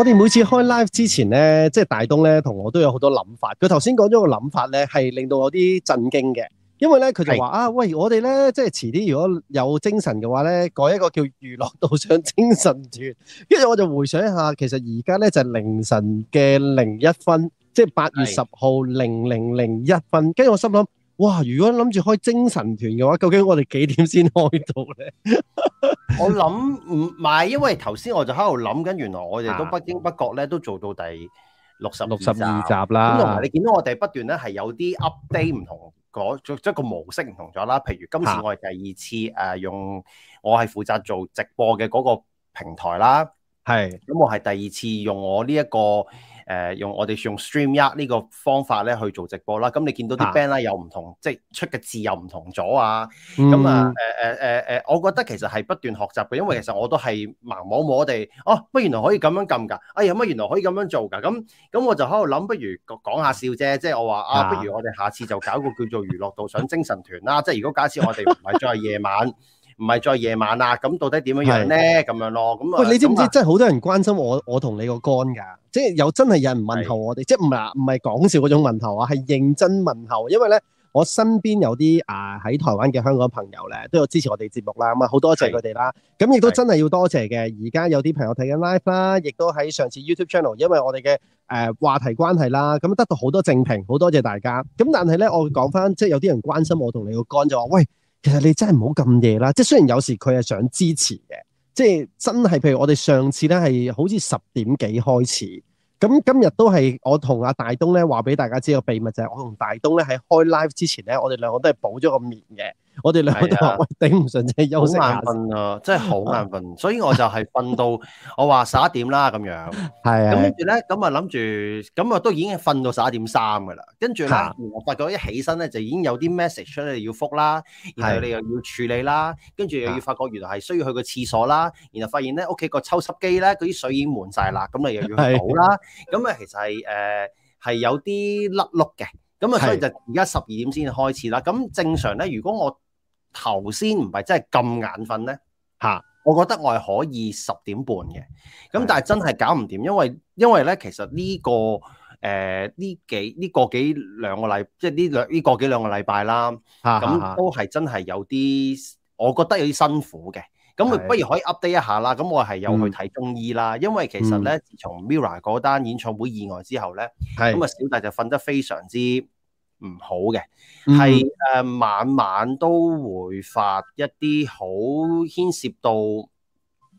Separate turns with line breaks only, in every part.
我哋每次開 live 之前呢，即係大東呢，同我都有好多諗法。佢頭先講咗個諗法呢，係令到我啲震驚嘅，因為呢，佢就話是啊，喂，我哋呢，即係遲啲如果有精神嘅話呢，改一個叫娛樂道上精神團。跟住我就回想一下，其實而家呢，就係凌晨嘅零一分，即係八月十號零零零一分。跟住我心諗。哇！如果諗住開精神團嘅話，究竟我哋幾點先開到呢？
我諗唔係，因為頭先我就喺度諗緊，原來我哋都不經不覺咧都做到第六十六十二集啦。咁同埋你見到我哋不斷咧係有啲 update 唔同，即係個模式唔同咗啦。譬如今次我係第二次誒用，我係負責做直播嘅嗰個平台啦，係咁的我係第二次用我呢、這、一個。誒，用我哋用 Stream Yard 呢個方法咧去做直播啦，咁你見到啲 band 啦又唔同，啊、即係出嘅字又唔同咗啊，咁啊、嗯嗯，誒誒誒誒，我覺得其實係不斷學習嘅，因為其實我都係盲摸摸哋哦，乜原來可以咁樣撳噶，哎呀，乜原來可以咁樣做噶，咁咁我就喺度諗，不如講下笑啫，即、就、係、是、我話啊，不如我哋下次就搞個叫做娛樂導賞精神團啦，啊嗯、即係如果假設我哋唔係再係夜晚。啊啊唔係再夜晚啦，咁到底點樣呢是樣咧？咁喂樣咯，咁啊你知
唔知真係好多人關心我，的我同你個肝㗎？即係有真係有人問候我哋，的即係唔係唔係講笑嗰種問候啊？係認真問候。因為咧，我身邊有啲啊喺台灣嘅香港朋友咧，都有支持我哋節目啦。咁、嗯、啊，好多謝佢哋啦。咁亦的都真係要多謝嘅。而家有啲朋友睇緊 live 啦，亦都喺上次 YouTube channel，因為我哋嘅誒話題關係啦，咁得到好多正評，好多謝大家。咁但係咧，我講翻即係有啲人關心我同你個肝，就話、是就是、喂。其實你真係唔好咁夜啦，即係雖然有時佢係想支持嘅，即係真係，譬如我哋上次咧係好似十點幾開始，咁今日都係我同阿大東咧話俾大家知個秘密就係、是，我同大東咧喺開 live 之前咧，我哋兩個都係補咗個面嘅。我哋兩個都話喂頂唔順，真係休息好
眼瞓啊，真係好眼瞓， 所以我就係瞓到我話十一點啦咁樣，係啊 是的，跟住咧咁啊諗住，咁啊都已經瞓到十一點三噶啦，跟住嗱，我發覺一起身咧就已經有啲 message 出咧要覆啦，然後你又要處理啦，是的 跟住又要發覺原來係需要去個廁所啦，然後發現咧屋企個抽濕機咧嗰啲水已經滿晒啦，咁你又要倒啦，咁啊其實係誒係有啲甩碌嘅。咁啊，所以就而家十二點先開始啦。咁正常咧，如果我頭先唔係真係咁眼瞓咧，嚇是，我覺得我係可以十點半嘅。咁但係真係搞唔掂，因為因為咧，其實呢、呢個誒呢、呃、幾呢、呢個幾兩個禮，即係呢兩呢個幾兩個禮拜啦，咁都係真係有啲，我覺得有啲辛苦嘅。咁不如可以 update 一下啦。咁我係有去睇中醫啦，因為其實咧，自從 Mirror 嗰單演唱會意外之後咧，係咁啊小弟就瞓得非常之唔好嘅，係誒晚晚都會發一啲好牽涉到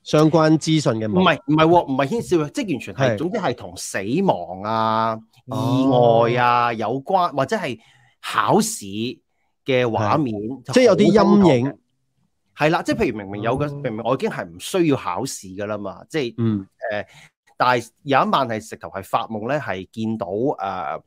相關資訊嘅，
唔係唔係喎，唔係牽涉，即係完全係總之係同死亡啊、意外啊有關或者係考試嘅畫面，即係有啲陰影。係啦，即係譬如明明有嘅，明明我已經係唔需要考試噶啦嘛，即係，誒、嗯呃，但係有一晚係直頭係發夢咧，係見到誒，誒、呃、嗰、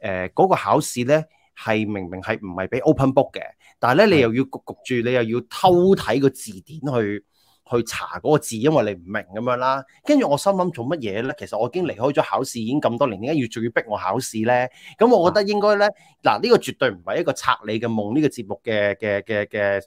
呃嗰個考試咧係明明係唔係俾 open book 嘅，但係咧你又要焗焗住，你又要偷睇個字典去去查嗰個字，因為你唔明咁樣啦。跟住我心諗做乜嘢咧？其實我已經離開咗考試已經咁多年，點解要仲要逼我考試咧？咁我覺得應該咧，嗱呢、呢個絕對唔係一個拆你嘅夢呢個節目嘅嘅嘅嘅。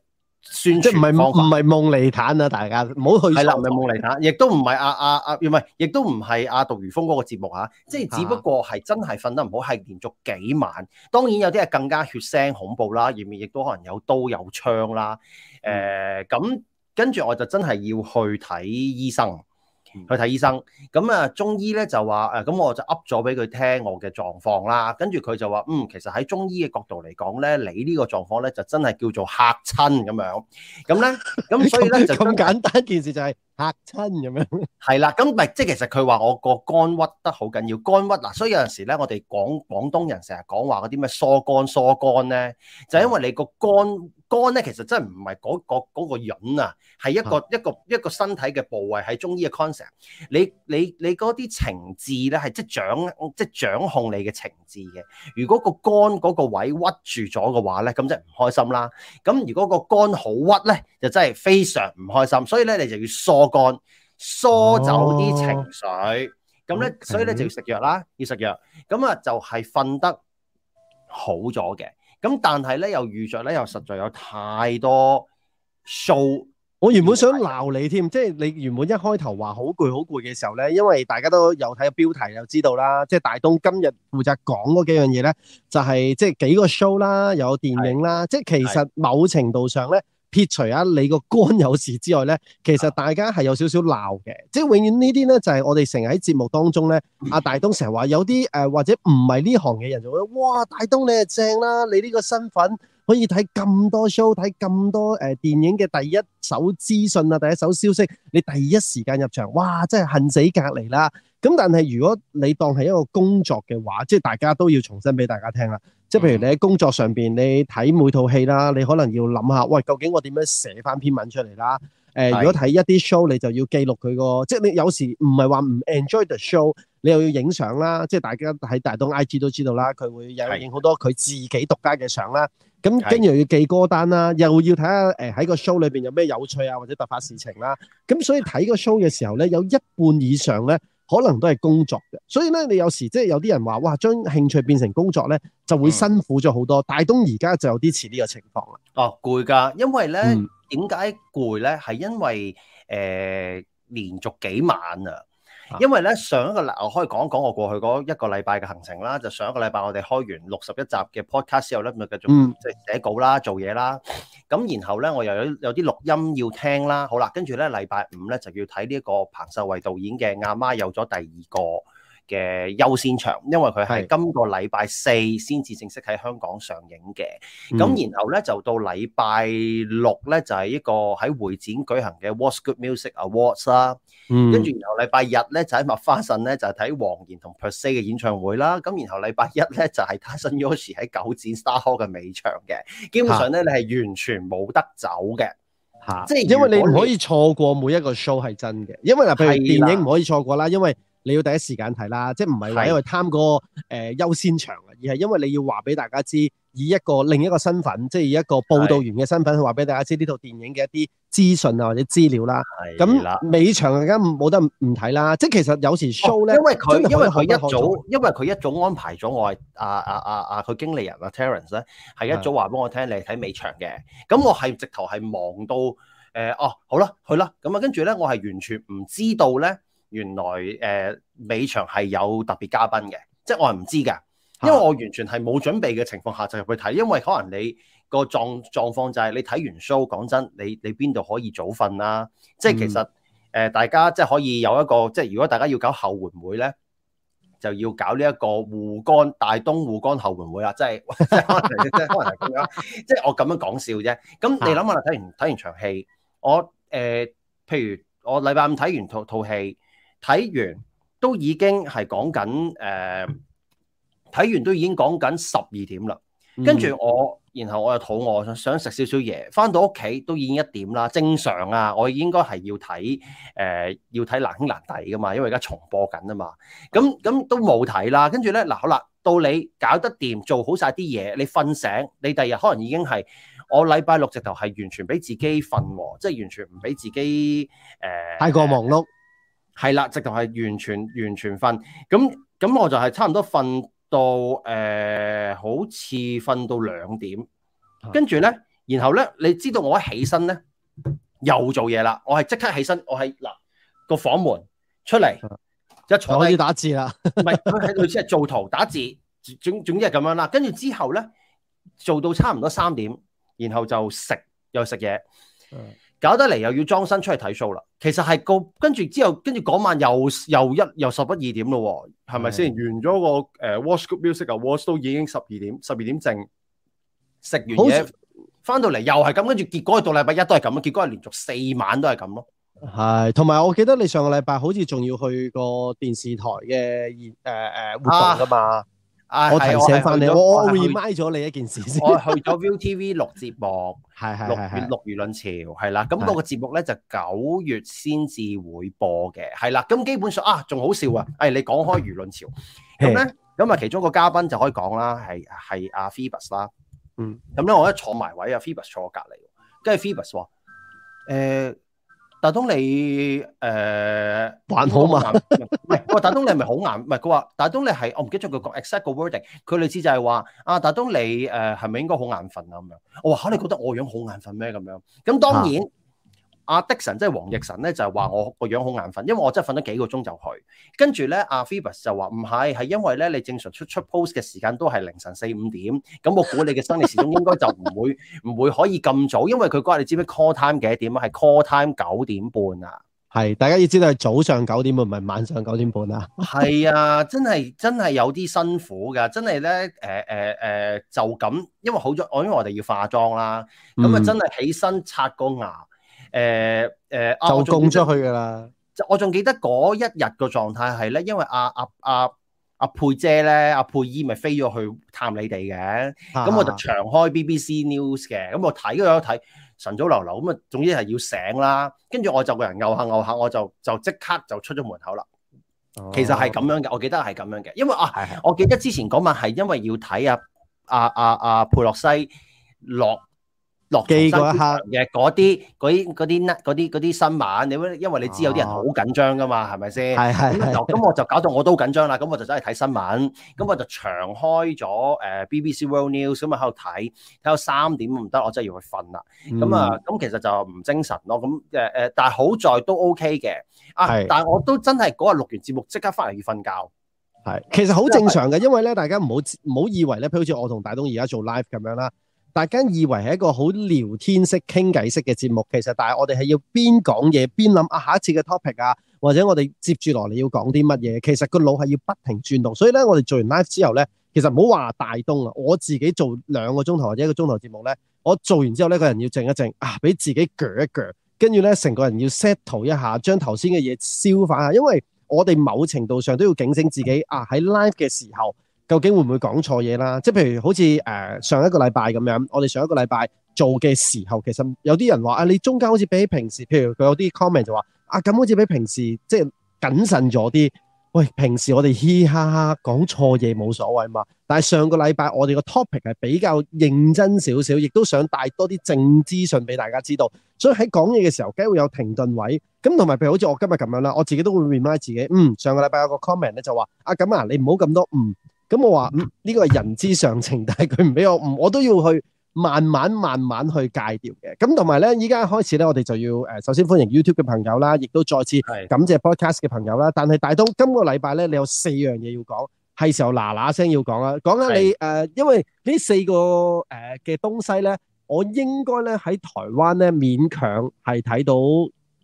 算，即唔係唔係夢離毯啊，大家唔好去信係啦，唔係夢離毯，亦都唔係阿阿阿唔係，亦都唔係
阿杜如峰嗰個節目吓，即係只不過係真係瞓得唔好，係連續幾晚，當然有啲係更加血腥恐怖啦，入面亦都可能有刀有槍啦，誒、呃，咁跟住我就真係要去睇醫生。去睇醫生，咁啊中醫咧就話，誒咁我就噏咗俾佢聽我嘅狀況啦，跟住佢就話，嗯其實喺中醫嘅角度嚟講咧，你呢個狀況咧就真係叫做嚇親咁樣，咁咧
咁所以咧就咁 簡單一件事就係、是。吓親咁樣，
係啦，咁咪即係其實佢話我個肝鬱得好緊要，肝鬱嗱，所以有陣時咧，我哋廣廣東人成日講話嗰啲咩疏肝疏肝咧，就係、因為你個肝肝咧，其實真係唔係嗰個嗰、嗰個潤啊，係一個、啊、一個一個身體嘅部位，係中醫嘅 concept。你你你嗰啲情志咧，係即係掌即係掌控你嘅情志嘅。如果個肝嗰個位鬱住咗嘅話咧，咁即係唔開心啦。咁如果個肝好鬱咧，就真係非常唔開心。所以咧，你就要疏。乾疏走啲情緒，咁咧，所以咧就要食藥啦，要食藥，咁啊就係瞓得好咗嘅，咁但係咧又遇着咧又實在有太多 show，
我原本想鬧你添，題即係你原本一開頭話好攰好攰嘅時候咧，因為大家都有睇標題又知道啦，即係大東今日負責講嗰幾樣嘢咧，就係、是、即係幾個 show 啦，有電影啦，的即係其實某程度上咧。撇除啊你個肝有事之外咧，其實大家係有少少鬧嘅，即係永遠呢啲咧就係、是、我哋成日喺節目當中咧，阿、嗯啊、大東成日話有啲誒、呃、或者唔係呢行嘅人就會話，哇，大東你係正啦，你呢個身份。可以睇咁多 show，睇咁多誒、呃、電影嘅第一手資訊啊，第一手消息，你第一時間入場，哇！真係恨死隔離啦。咁但係如果你當係一個工作嘅話，即係大家都要重新俾大家聽啦。即係譬如你喺工作上邊，你睇每套戲啦，你可能要諗下，喂，究竟我點樣寫翻篇文出嚟啦？誒、呃，如果睇一啲 show，你就要記錄佢個，即係你有時唔係話唔 enjoy the show，你又要影相啦，即係大家喺大東 IG 都知道啦，佢會有影好多佢自己獨家嘅相啦。咁跟住又要記歌單啦，又要睇下誒喺個 show 裏邊有咩有趣啊或者突發事情啦。咁所以睇個 show 嘅時候咧，有一半以上咧可能都係工作嘅。所以咧，你有時即係有啲人話，哇，將興趣變成工作咧，就會辛苦咗好多。嗯、大東而家就有啲似呢個情況啦。
哦，攰㗎，因為咧。嗯點解攰咧？係因為誒、呃、連續幾晚啊，因為咧上一個禮，我可以講一講我過去嗰一個禮拜嘅行程啦。就上一個禮拜我哋開完六十一集嘅 podcast 之後咧，咁就繼續即係寫稿啦、做嘢啦。咁然後咧，我又有有啲錄音要聽啦。好啦，跟住咧禮拜五咧就要睇呢一個彭秀慧導演嘅《阿媽有咗第二個》嘅優先場，因為佢係今個禮拜四先至正式喺香港上映嘅，咁、嗯、然後咧就到禮拜六咧就係一個喺會展舉行嘅 What’s Good Music Awards 啦、嗯，跟住然後禮拜日咧就喺麥花臣咧就係睇黃妍同 per se 嘅演唱會啦，咁然後禮拜一咧就係 Tyson Yoshi 喺九展 Star Hall 嘅尾場嘅，基本上咧你係完全冇得走嘅，吓哈，即係因為你唔可以
錯過每一個 show 係真嘅，因為嗱，譬如電影唔可以錯過啦，的因為。你要第一時間睇啦，即係唔係話因為貪個誒優先場啊，而係因為你要話俾大家知，以一個另一個身份，即係以一個報導員嘅身份，去話俾大家知呢套電影嘅一啲資訊啊或者資料啦。係咁尾場更加冇得唔睇啦。即係其實有時 show 咧、哦，因為佢因為佢一早
因為佢一早安排咗我係阿阿阿阿佢經理人啊 Terence 咧，係一早話俾我聽，的你係睇尾場嘅。咁我係直頭係忙到誒哦、啊，好啦去啦咁啊，跟住咧我係完全唔知道咧。原來誒尾、呃、場係有特別嘉賓嘅，即係我係唔知㗎，因為我完全係冇準備嘅情況下就入去睇，因為可能你個狀狀況就係你睇完 show，講真，你你邊度可以早瞓啦、啊？即係其實誒、嗯呃，大家即係可以有一個，即係如果大家要搞後援會咧，就要搞呢一個護肝大東護肝後援會啊！即係可
能， 即係可能係咁樣，
即係我咁樣講笑啫。咁你諗下，睇完睇完場戲，我誒、呃、譬如我禮拜五睇完套套戲。睇完都已經係講緊，誒、呃、睇完都已經講緊十二點啦。跟住我，然後我又肚餓，想食少少嘢。返到屋企都已經一點啦。正常啊，我應該係要睇誒、呃，要睇南興南帝㗎嘛，因為而家重播緊啊嘛。咁、嗯、咁、嗯、都冇睇啦。跟住咧，嗱好啦，到你搞得掂，做好晒啲嘢，你瞓醒，你第二日可能已經係我禮拜六直頭係完全俾自己瞓喎，即係完全唔俾自己誒。呃、太過忙碌。係啦，直頭係完全完全瞓，咁咁我就係差唔多瞓到誒、呃，好似瞓到兩點，跟住咧，然後咧，你知道我一起身咧又做嘢啦，我係即刻起身，我係嗱個房門出嚟、嗯、一坐
喺度打字啦，唔
係佢喺度即係做圖打字，總總之係咁樣啦，跟住之後咧做到差唔多三點，然後就食又食嘢。嗯搞得嚟又要裝身出去睇數啦，其實係個跟住之後，跟住嗰晚又又一又十一二點咯，係咪先完咗、嗰個誒 w a t c u Global Music Awards，都已經十二點，十二點正食完嘢翻吃到嚟又係咁，跟住結果到禮拜一都係咁啊，結果係連續四晚都係咁咯。
係，同埋我記得你上個禮拜好似仲要去個電視台
嘅誒誒活動㗎嘛。啊。我提醒翻你我，我我 remind
咗你一件事
先，我去咗 ViuTV 錄節目，係係六係錄輿論潮，係啦，咁我個節目咧就九月先至會播嘅，係啦，咁基本上啊仲好笑啊，誒、哎、你講開輿論潮，咁咧咁啊其中個嘉賓就可以講啦，係係阿 Phoebus 啦，嗯，咁咧我一坐埋位啊 Phoebus 坐隔離，跟住 Phoebus 話。誒。大東你誒還、呃、好嘛？唔 係、嗯，喂，大東你係咪好眼？唔係，佢話大東你係，我唔記得咗佢講 exact 個 wording，佢類似就係話啊，大東你誒係咪應該好眼瞓啊？咁樣，我話嚇，你覺得我樣好眼瞓咩？咁樣，咁當然。啊阿 Dickson，即係黃奕晨咧，就係話我個樣好眼瞓，因為我真係瞓咗幾個鐘就去。跟住咧，阿 Phoebus 就話唔係，係因為咧你正常出出 post 嘅時間都係凌晨四五點，咁我估你嘅生理時鐘應該就唔會唔 會可以咁早，因為佢嗰日你知唔知 call time 幾多點啊？係 call time 九點半啊。
係，大家要知道係早上九，上九點半，唔係晚上九點半啊？係
啊，真係真係有啲辛苦噶，真係咧，誒誒誒，就咁，因為好咗，我因為我哋要化妝啦，咁啊真係起身刷個牙。誒誒，呃呃、就供出去噶啦、啊！我仲記得嗰一日嘅狀態係咧，因為阿阿阿阿佩姐咧，阿、啊、佩姨咪飛咗去探你哋嘅，咁、啊、我就長開 BBC News 嘅，咁我睇咗睇。晨早流流咁啊，總之係要醒啦。跟住我就個人拗下拗下，我就就即刻就出咗門口啦。哦、其實係咁樣嘅，我記得係咁樣嘅，因為啊，我記得之前嗰晚係因為要睇啊啊啊啊，啊佩洛西落。落機嗰一刻嘅嗰啲嗰啲啲啲啲新聞，你會因為你知有啲人好緊張㗎嘛，係咪先？係係。咁我就搞到我都緊張啦，咁我就走去睇新聞，咁我就長開咗誒、呃、BBC World News，咁咪喺度睇，睇到三點，唔得，我真係要去瞓啦。咁啊、嗯，咁其實就唔精神咯。咁誒誒，但係好在都 OK 嘅。是啊，但係我都真係嗰日錄完節目即刻翻嚟
要瞓覺。係，其實好正常嘅，因為咧大家唔好唔好以為咧，譬如好似我同大東而家做 live 咁樣啦。大家以為係一個好聊天式、傾偈式嘅節目，其實但係我哋係要邊講嘢邊諗啊，下一次嘅 topic 啊，或者我哋接住落嚟要講啲乜嘢，其實個腦係要不停轉動。所以咧，我哋做完 live 之後咧，其實唔好話大東啊，我自己做兩個鐘頭或者一個鐘頭節目咧，我做完之後咧，個人要靜一靜啊，俾自己鋸一鋸，跟住咧成個人要 settle 一下，將頭先嘅嘢消化下，因為我哋某程度上都要警醒自己啊，喺 live 嘅時候。究竟會唔會講錯嘢啦？即係譬如好似誒、呃、上一個禮拜咁樣，我哋上一個禮拜做嘅時候，其實有啲人話啊，你中間好似比起平時，譬如佢有啲 comment 就話啊，咁好似比平時即係謹慎咗啲。喂，平時我哋嘻哈哈講錯嘢冇所謂嘛，但係上個禮拜我哋個 topic 係比較認真少少，亦都想帶多啲正資訊俾大家知道。所以喺講嘢嘅時候，梗係會有停頓位。咁同埋譬如好似我今日咁樣啦，我自己都會 remind 自己，嗯，上個禮拜有個 comment 咧就話啊，咁啊，你唔好咁多唔。嗯。咁我話嗯呢個係人之常情，但係佢唔俾我唔，我都要去慢慢慢慢去戒掉嘅。咁同埋咧，依家開始咧，我哋就要誒首先歡迎 YouTube 嘅朋友啦，亦都再次感謝 Podcast 嘅朋友啦。但係大東今個禮拜咧，你有四樣嘢要講，係時候嗱嗱聲要講啦。講緊你誒是的、呃，因為呢四個誒嘅、呃、東西咧，我應該咧喺台灣咧勉強係睇到。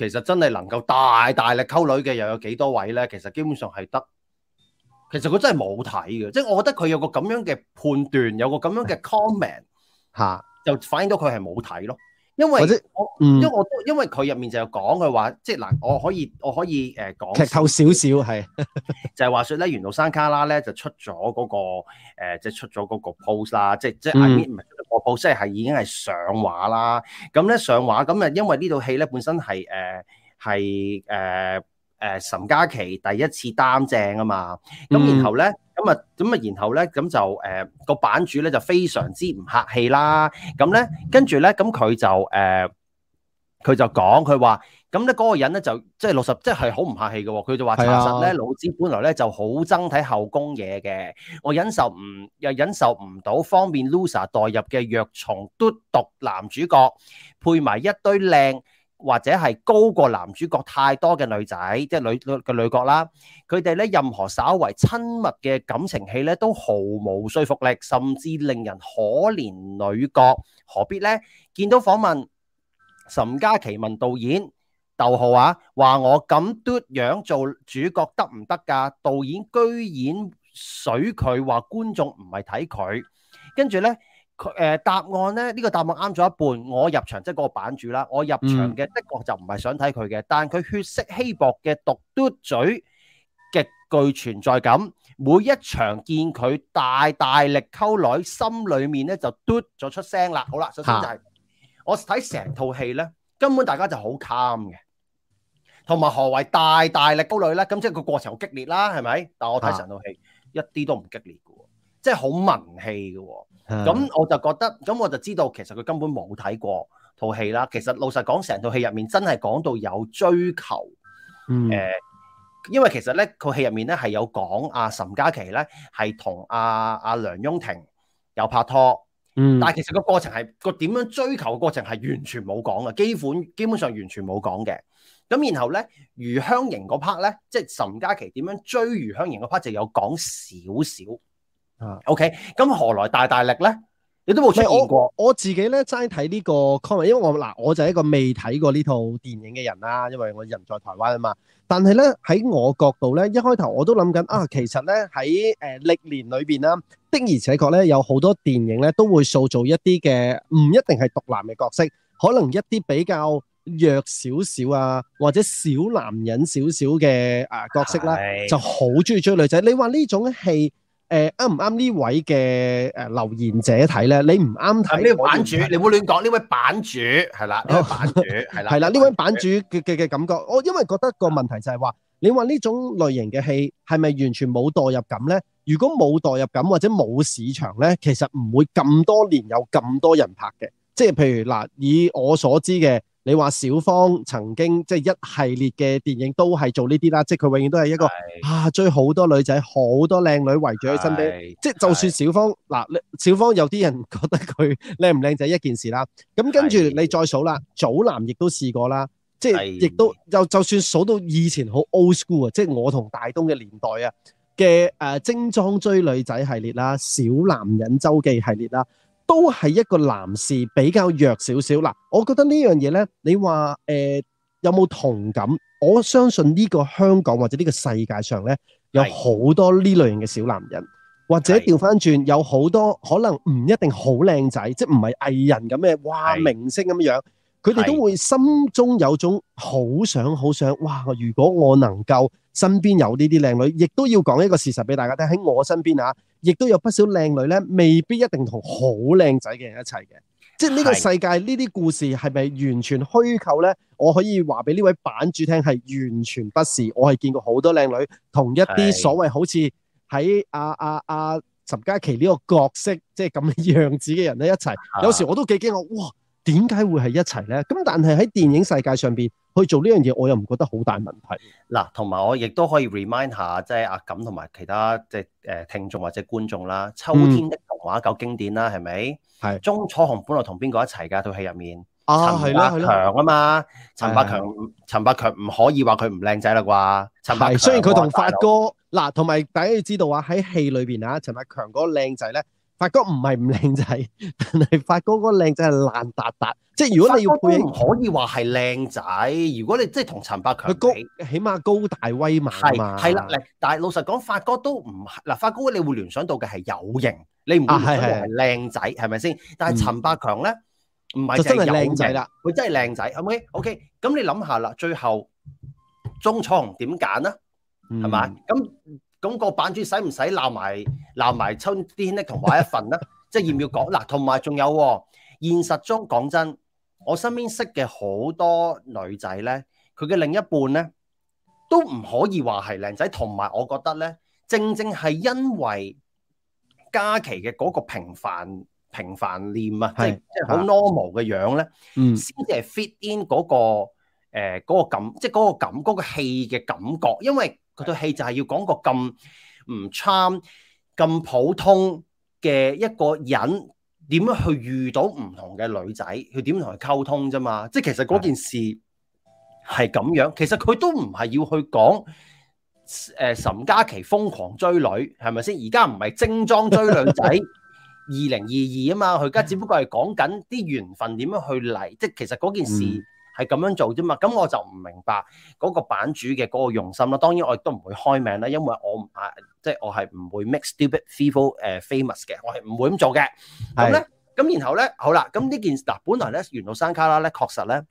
其實真係能夠大大力溝女嘅又有幾多位咧？其實基本上係得，其實佢真係冇睇嘅，即係我覺得佢有個咁樣嘅判斷，有個咁樣嘅 comment 嚇，就反映到佢係冇睇咯。因為，嗯、因為我，因為我都因為佢入面就有講佢話，即係嗱，我可以我可以誒講、呃、劇透
少少係，
就係話說咧，緣路山旮旯咧就出咗嗰、那個，、呃、個 post，即係出咗嗰個 pose 啦，即 I mean, post, 即係啱啱唔係個 pose，即係已經係上畫啦。咁咧上畫咁啊，因為呢套戲咧本身係誒係誒。呃誒岑嘉琪第一次擔正啊嘛，咁然後咧，咁啊，咁啊，然後咧，咁就誒個版主咧就非常之唔客氣啦，咁咧跟住咧，咁佢就誒佢、呃、就講佢話，咁咧嗰個人咧就即係六十，即係好唔客氣嘅喎，佢就話其是、啊、實咧老子本來咧就好憎睇後宮嘢嘅，我忍受唔又忍受唔到方便 loser 代入嘅弱蟲嘟毒男主角配埋一堆靚。或者係高過男主角太多嘅女仔，即係女女嘅女角啦。佢哋咧任何稍為親密嘅感情戲咧，都毫無說服力，甚至令人可憐女角。何必呢？見到訪問，岑嘉琪問導演：，逗號啊，話我咁嘟樣做主角得唔得㗎？導演居然水佢，話觀眾唔係睇佢，跟住呢。誒，答案咧，呢個答案啱咗一半。我入場即係嗰個版主啦，我入場嘅的確就唔係想睇佢嘅，但係佢血色稀薄嘅毒嘟嘴極具存在感。每一場見佢大大力溝女，心裡面咧就嘟咗出聲啦。好啦，首先就係我睇成套戲咧，根本大家就好 calm 嘅，同埋何謂大大力溝女咧？咁即係個過程好激烈啦，係咪？但係我睇成套戲一啲都唔激烈嘅喎，即係好文氣嘅喎。咁我就覺得，咁我就知道其實佢根本冇睇過套戲啦。其實老實講，成套戲入面真係講到有追求，誒、嗯呃，因為其實咧，套戲入面咧係有講阿、啊、岑珈其咧係同阿阿梁雍婷有拍拖，嗯，但係其實個過程係個點樣追求嘅過程係完全冇講嘅，基本基本上完全冇講嘅。咁然後咧，余香凝嗰 part 咧，即係岑珈其點樣追余香凝嗰 part 就有講少少。啊，OK，咁何來大大力咧？你都冇出現過。
我自己咧齋睇呢個《comment》，因為我嗱，我就係一個未睇過呢套電影嘅人啦，因為我人在台灣啊嘛。但係咧喺我角度咧，一開頭我都諗緊啊，其實咧喺誒歷年裏邊啦，的而且確咧有好多電影咧都會塑造一啲嘅唔一定係獨男嘅角色，可能一啲比較弱少少啊，或者小男人少少嘅啊角色啦，就好中意追女仔。你話呢種戲？誒，啱唔啱呢位嘅誒留言者睇咧？你唔啱睇？呢位版主，是你
唔好亂講。呢 位版主係啦，呢位版主係啦，係啦。呢位版主
嘅嘅嘅感覺，我因為覺得個問題就係話，你話呢種類型嘅戲係咪完全冇代入感咧？如果冇代入感或者冇市場咧，其實唔會咁多年有咁多人拍嘅。即係譬如嗱，以我所知嘅。你話小方曾經即係一系列嘅電影都係做呢啲啦，即係佢永遠都係一個是啊追好多女仔，好多靚女圍住佢身邊。是即係就算小方，嗱的，小方有啲人覺得佢靚唔靚仔一件事啦。咁跟住你再數啦，的祖藍亦都試過啦，的即係亦都又就算數到以前好 old school 啊，即係我同大東嘅年代啊嘅誒精裝追女仔系列啦，小男人周記系列啦。都係一個男士比較弱少少嗱，我覺得呢樣嘢咧，你話誒、呃、有冇同感？我相信呢個香港或者呢個世界上咧，是有好多呢類型嘅小男人，或者調翻轉有好多可能唔一定好靚仔，即係唔係藝人咁嘅，哇是明星咁樣。佢哋都會心中有種好想好想，哇！如果我能夠身邊有呢啲靚女，亦都要講一個事實俾大家聽。喺我身邊啊，亦都有不少靚女咧，未必一定同好靚仔嘅人一齊嘅。即係呢個世界呢啲故事係咪完全虛構咧？我可以話俾呢位版主聽，係完全不是。我係見過好多靚女同一啲所謂好似喺啊啊啊岑嘉琪呢個角色即係咁樣子嘅人咧一齊。有時我都幾驚，我哇！點解會係一齊咧？咁但係喺電影世界上邊去做呢樣嘢，我又唔覺得好大問題。
嗱，同埋我亦都可以 remind 下，即係阿錦同埋其他即係誒聽眾或者觀眾啦，《秋天的童話》夠經典啦，係咪？係、嗯。鍾楚紅本來同邊個一齊噶？套戲入面，陳百強啊嘛。陳、啊、百強，陳百強唔可以話佢唔靚仔啦啩？係。雖然佢同發哥，
嗱，同埋大家要知道啊，喺戲裏邊啊，陳百強嗰個靚仔咧。發哥唔係唔靚仔，但係發哥個靚仔係爛達達。即係如果你要配，可以話係靚仔。
如果你即係同陳百強，佢高
起碼高大威猛嘛。係啦，
但係老實講，發哥都唔係嗱發哥你會聯想到嘅係有型，你唔會聯想到係靚仔，係咪先？的的但係陳百強咧，唔係、嗯、真係靚仔啦。佢真係靚仔，係咪？OK，咁你諗下啦，最後鍾楚紅點揀啦？係嘛、嗯？咁、嗯。咁個版主使唔使鬧埋鬧埋春天咧？同埋一份咧，即係要唔要講嗱？同埋仲有現實中講真，我身邊識嘅好多女仔咧，佢嘅另一半咧都唔可以話係靚仔。同埋我覺得咧，正正係因為嘉琪嘅嗰個平凡平凡臉啊，即係即係好 normal 嘅樣咧，先至係 fit in 嗰個誒嗰個感，即係嗰個感嗰個戲嘅感覺，因為，嗰套戲就係要講個咁唔 charm 咁普通嘅一個人，點樣去遇到唔同嘅女仔，佢點同佢溝通啫嘛？即係其實嗰件事係咁樣，其實佢都唔係要去講誒岑嘉琪瘋狂追女，係咪先？而家唔係精裝追女仔，二零二二啊嘛，佢而家只不過係講緊啲緣分點樣去嚟，即係其實嗰件事。嗯係咁樣做啫嘛，咁我就唔明白嗰個版主嘅嗰個用心啦。當然我亦都唔會開名啦，因為我唔啊，即係我係唔會 make stupid people famous 嘅，我係唔會咁做嘅。咁咧是，咁然後咧，好啦，咁呢件事。嗱，本來咧《緣路山旮旯》咧確實咧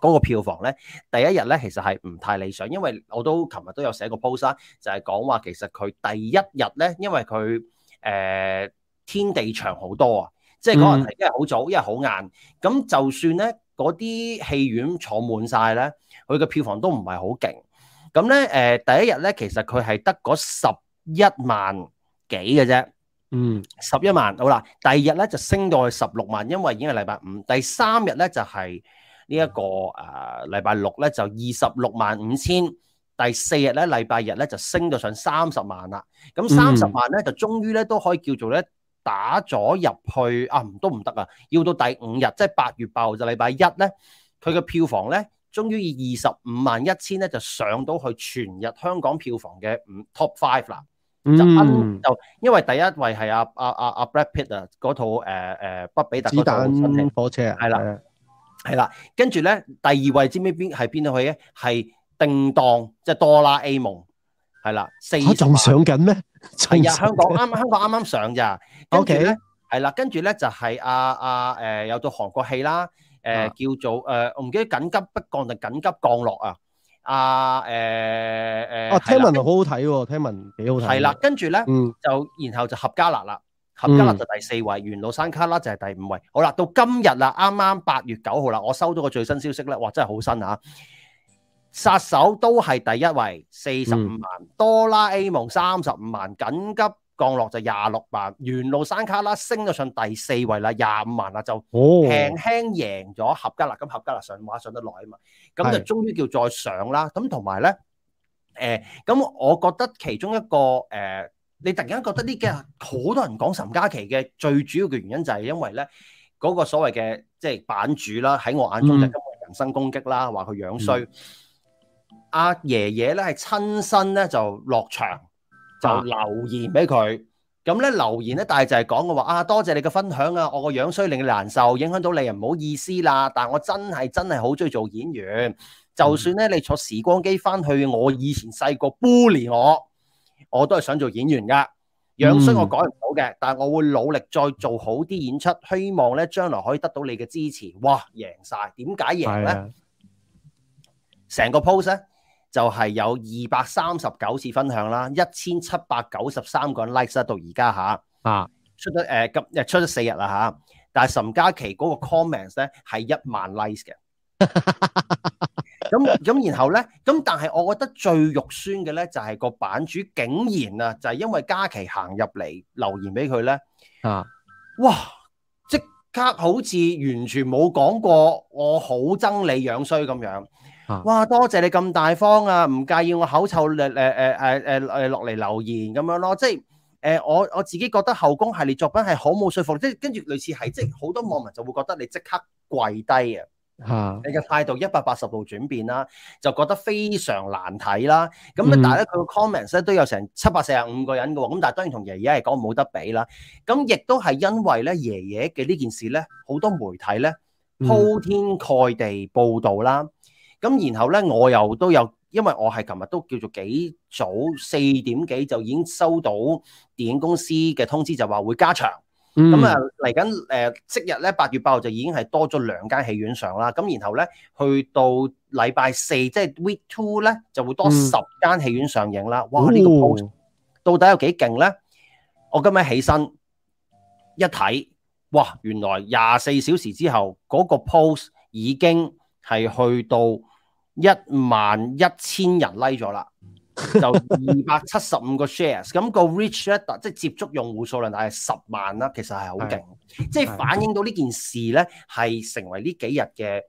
嗰個票房咧，第一日咧，其實係唔太理想，因為我都琴日都有寫個 post 啦，就係講話其實佢第一日咧，因為佢誒、呃、天地長好多啊，即係嗰個係因為好早，因為好晏，咁就算咧。嗰啲戲院坐滿晒咧，佢嘅票房都唔係好勁。咁咧，誒、呃、第一日咧，其實佢係得嗰十一萬幾嘅啫。嗯，十一萬好啦。第二日咧就升到去十六萬，因為已經係禮拜五。第三日咧就係、是這個呃、呢一個誒禮拜六咧就二十六萬五千。第四呢日咧禮拜日咧就升到上三十萬啦。咁三十萬咧、嗯、就終於咧都可以叫做咧。打咗入去啊，唔都唔得啊！要到第五日，即係八月八號就禮拜一咧，佢嘅票房咧，終於以二十五萬一千咧就上到去全日香港票房嘅五 top five 啦。
嗯，
就因為第一位係阿阿阿阿 Brad Pitt 啊，嗰套誒誒《不比特》子彈
火車係啦，
係啦，跟住咧第二位知唔知邊係邊度去咧？係《叮噹》，即係《哆啦 A 夢》，係啦，四我仲
上緊咩？係啊，香港
啱香港啱啱上咋，OK，跟住咧係啦，跟住咧就係阿阿誒有做韓國戲啦，誒，叫做我唔記得緊急不降定緊急降落啊，阿誒誒，哦聽
聞好好睇喎，聽聞幾好睇係啦，
跟住咧就然後就《合家辣》啦，《合家辣》就第四位，《緣路山旮旯》就係第五位。好啦，到今日啦，啱啱八月九號啦，我收到個最新消息咧，哇，真係好新啊！殺手都係第一位，四十五萬，嗯、多啦 A 夢三十五萬，緊急降落就廿六萬，緣路山旮旯升咗上第四位啦，廿五萬啦就輕輕贏咗合家樂，咁合家樂上話上得耐啊嘛，咁就終於叫再上啦，咁同埋咧，誒，咁、呃、我覺得其中一個誒、呃，你突然間覺得呢幾日好多人講岑嘉琪嘅最主要嘅原因就係因為咧嗰、那個所謂嘅即係版主啦，喺我眼中就噉人身攻擊啦，話佢樣衰。嗯阿爺爺咧係親身咧就落場就留言俾佢，咁咧留言咧，大係就係講嘅話啊，多謝你嘅分享啊！我個樣衰令你難受，影響到你唔好意思啦。但係我真係真係好中意做演員，就算咧你坐時光機翻去我以前細個，bully 我，我都係想做演員噶。樣衰我改唔到嘅，嗯、但係我會努力再做好啲演出，希望咧將來可以得到你嘅支持。哇！贏晒，點解贏咧？成個 post 咧？就係有二百三十九次分享啦，一千七百九十三個人 like 到而家吓，啊出咗誒咁，誒、呃、出咗四日啦吓，但係岑嘉琪嗰個 comments 咧係一萬 like 嘅，咁咁 然後咧，咁但係我覺得最肉酸嘅咧就係個版主竟然啊，就係、是、因為嘉琪行入嚟留言俾佢咧，啊 哇，即刻好似完全冇講過我好憎你樣衰咁樣。哇！多謝你咁大方啊，唔介意我口臭誒誒誒誒誒誒落嚟留言咁樣咯，即係誒我我自己覺得後宮系列作品係好冇說服，即係跟住類似係即係好多網民就會覺得你即刻跪低啊，你嘅態度一百八十度轉變啦，就覺得非常難睇啦。咁咧但係咧佢嘅 comments 咧都有成七百四十五個人㗎喎，咁、嗯、但係當然同爺爺係講冇得比啦。咁亦都係因為咧爺爺嘅呢件事咧，好多媒體咧鋪天蓋地報道啦。咁然後咧，我又都有，因為我係琴日都叫做幾早四點幾就已經收到電影公司嘅通知，就話會加場。咁啊、嗯，嚟緊誒即日咧，八月八號就已經係多咗兩間戲院上啦。咁然後咧，去到禮拜四，即係 week two 咧，就會多十間戲院上映啦。嗯、哇！呢、這個 post 到底有幾勁咧？我今日起身一睇，哇！原來廿四小時之後嗰、那個 post 已經係去到。一萬一千人 like 咗啦，就二百七十五個 shares，咁個 reach 咧，即係接觸用戶數量大係十萬啦，其實係好勁，即係反映到呢件事咧係成為呢幾日嘅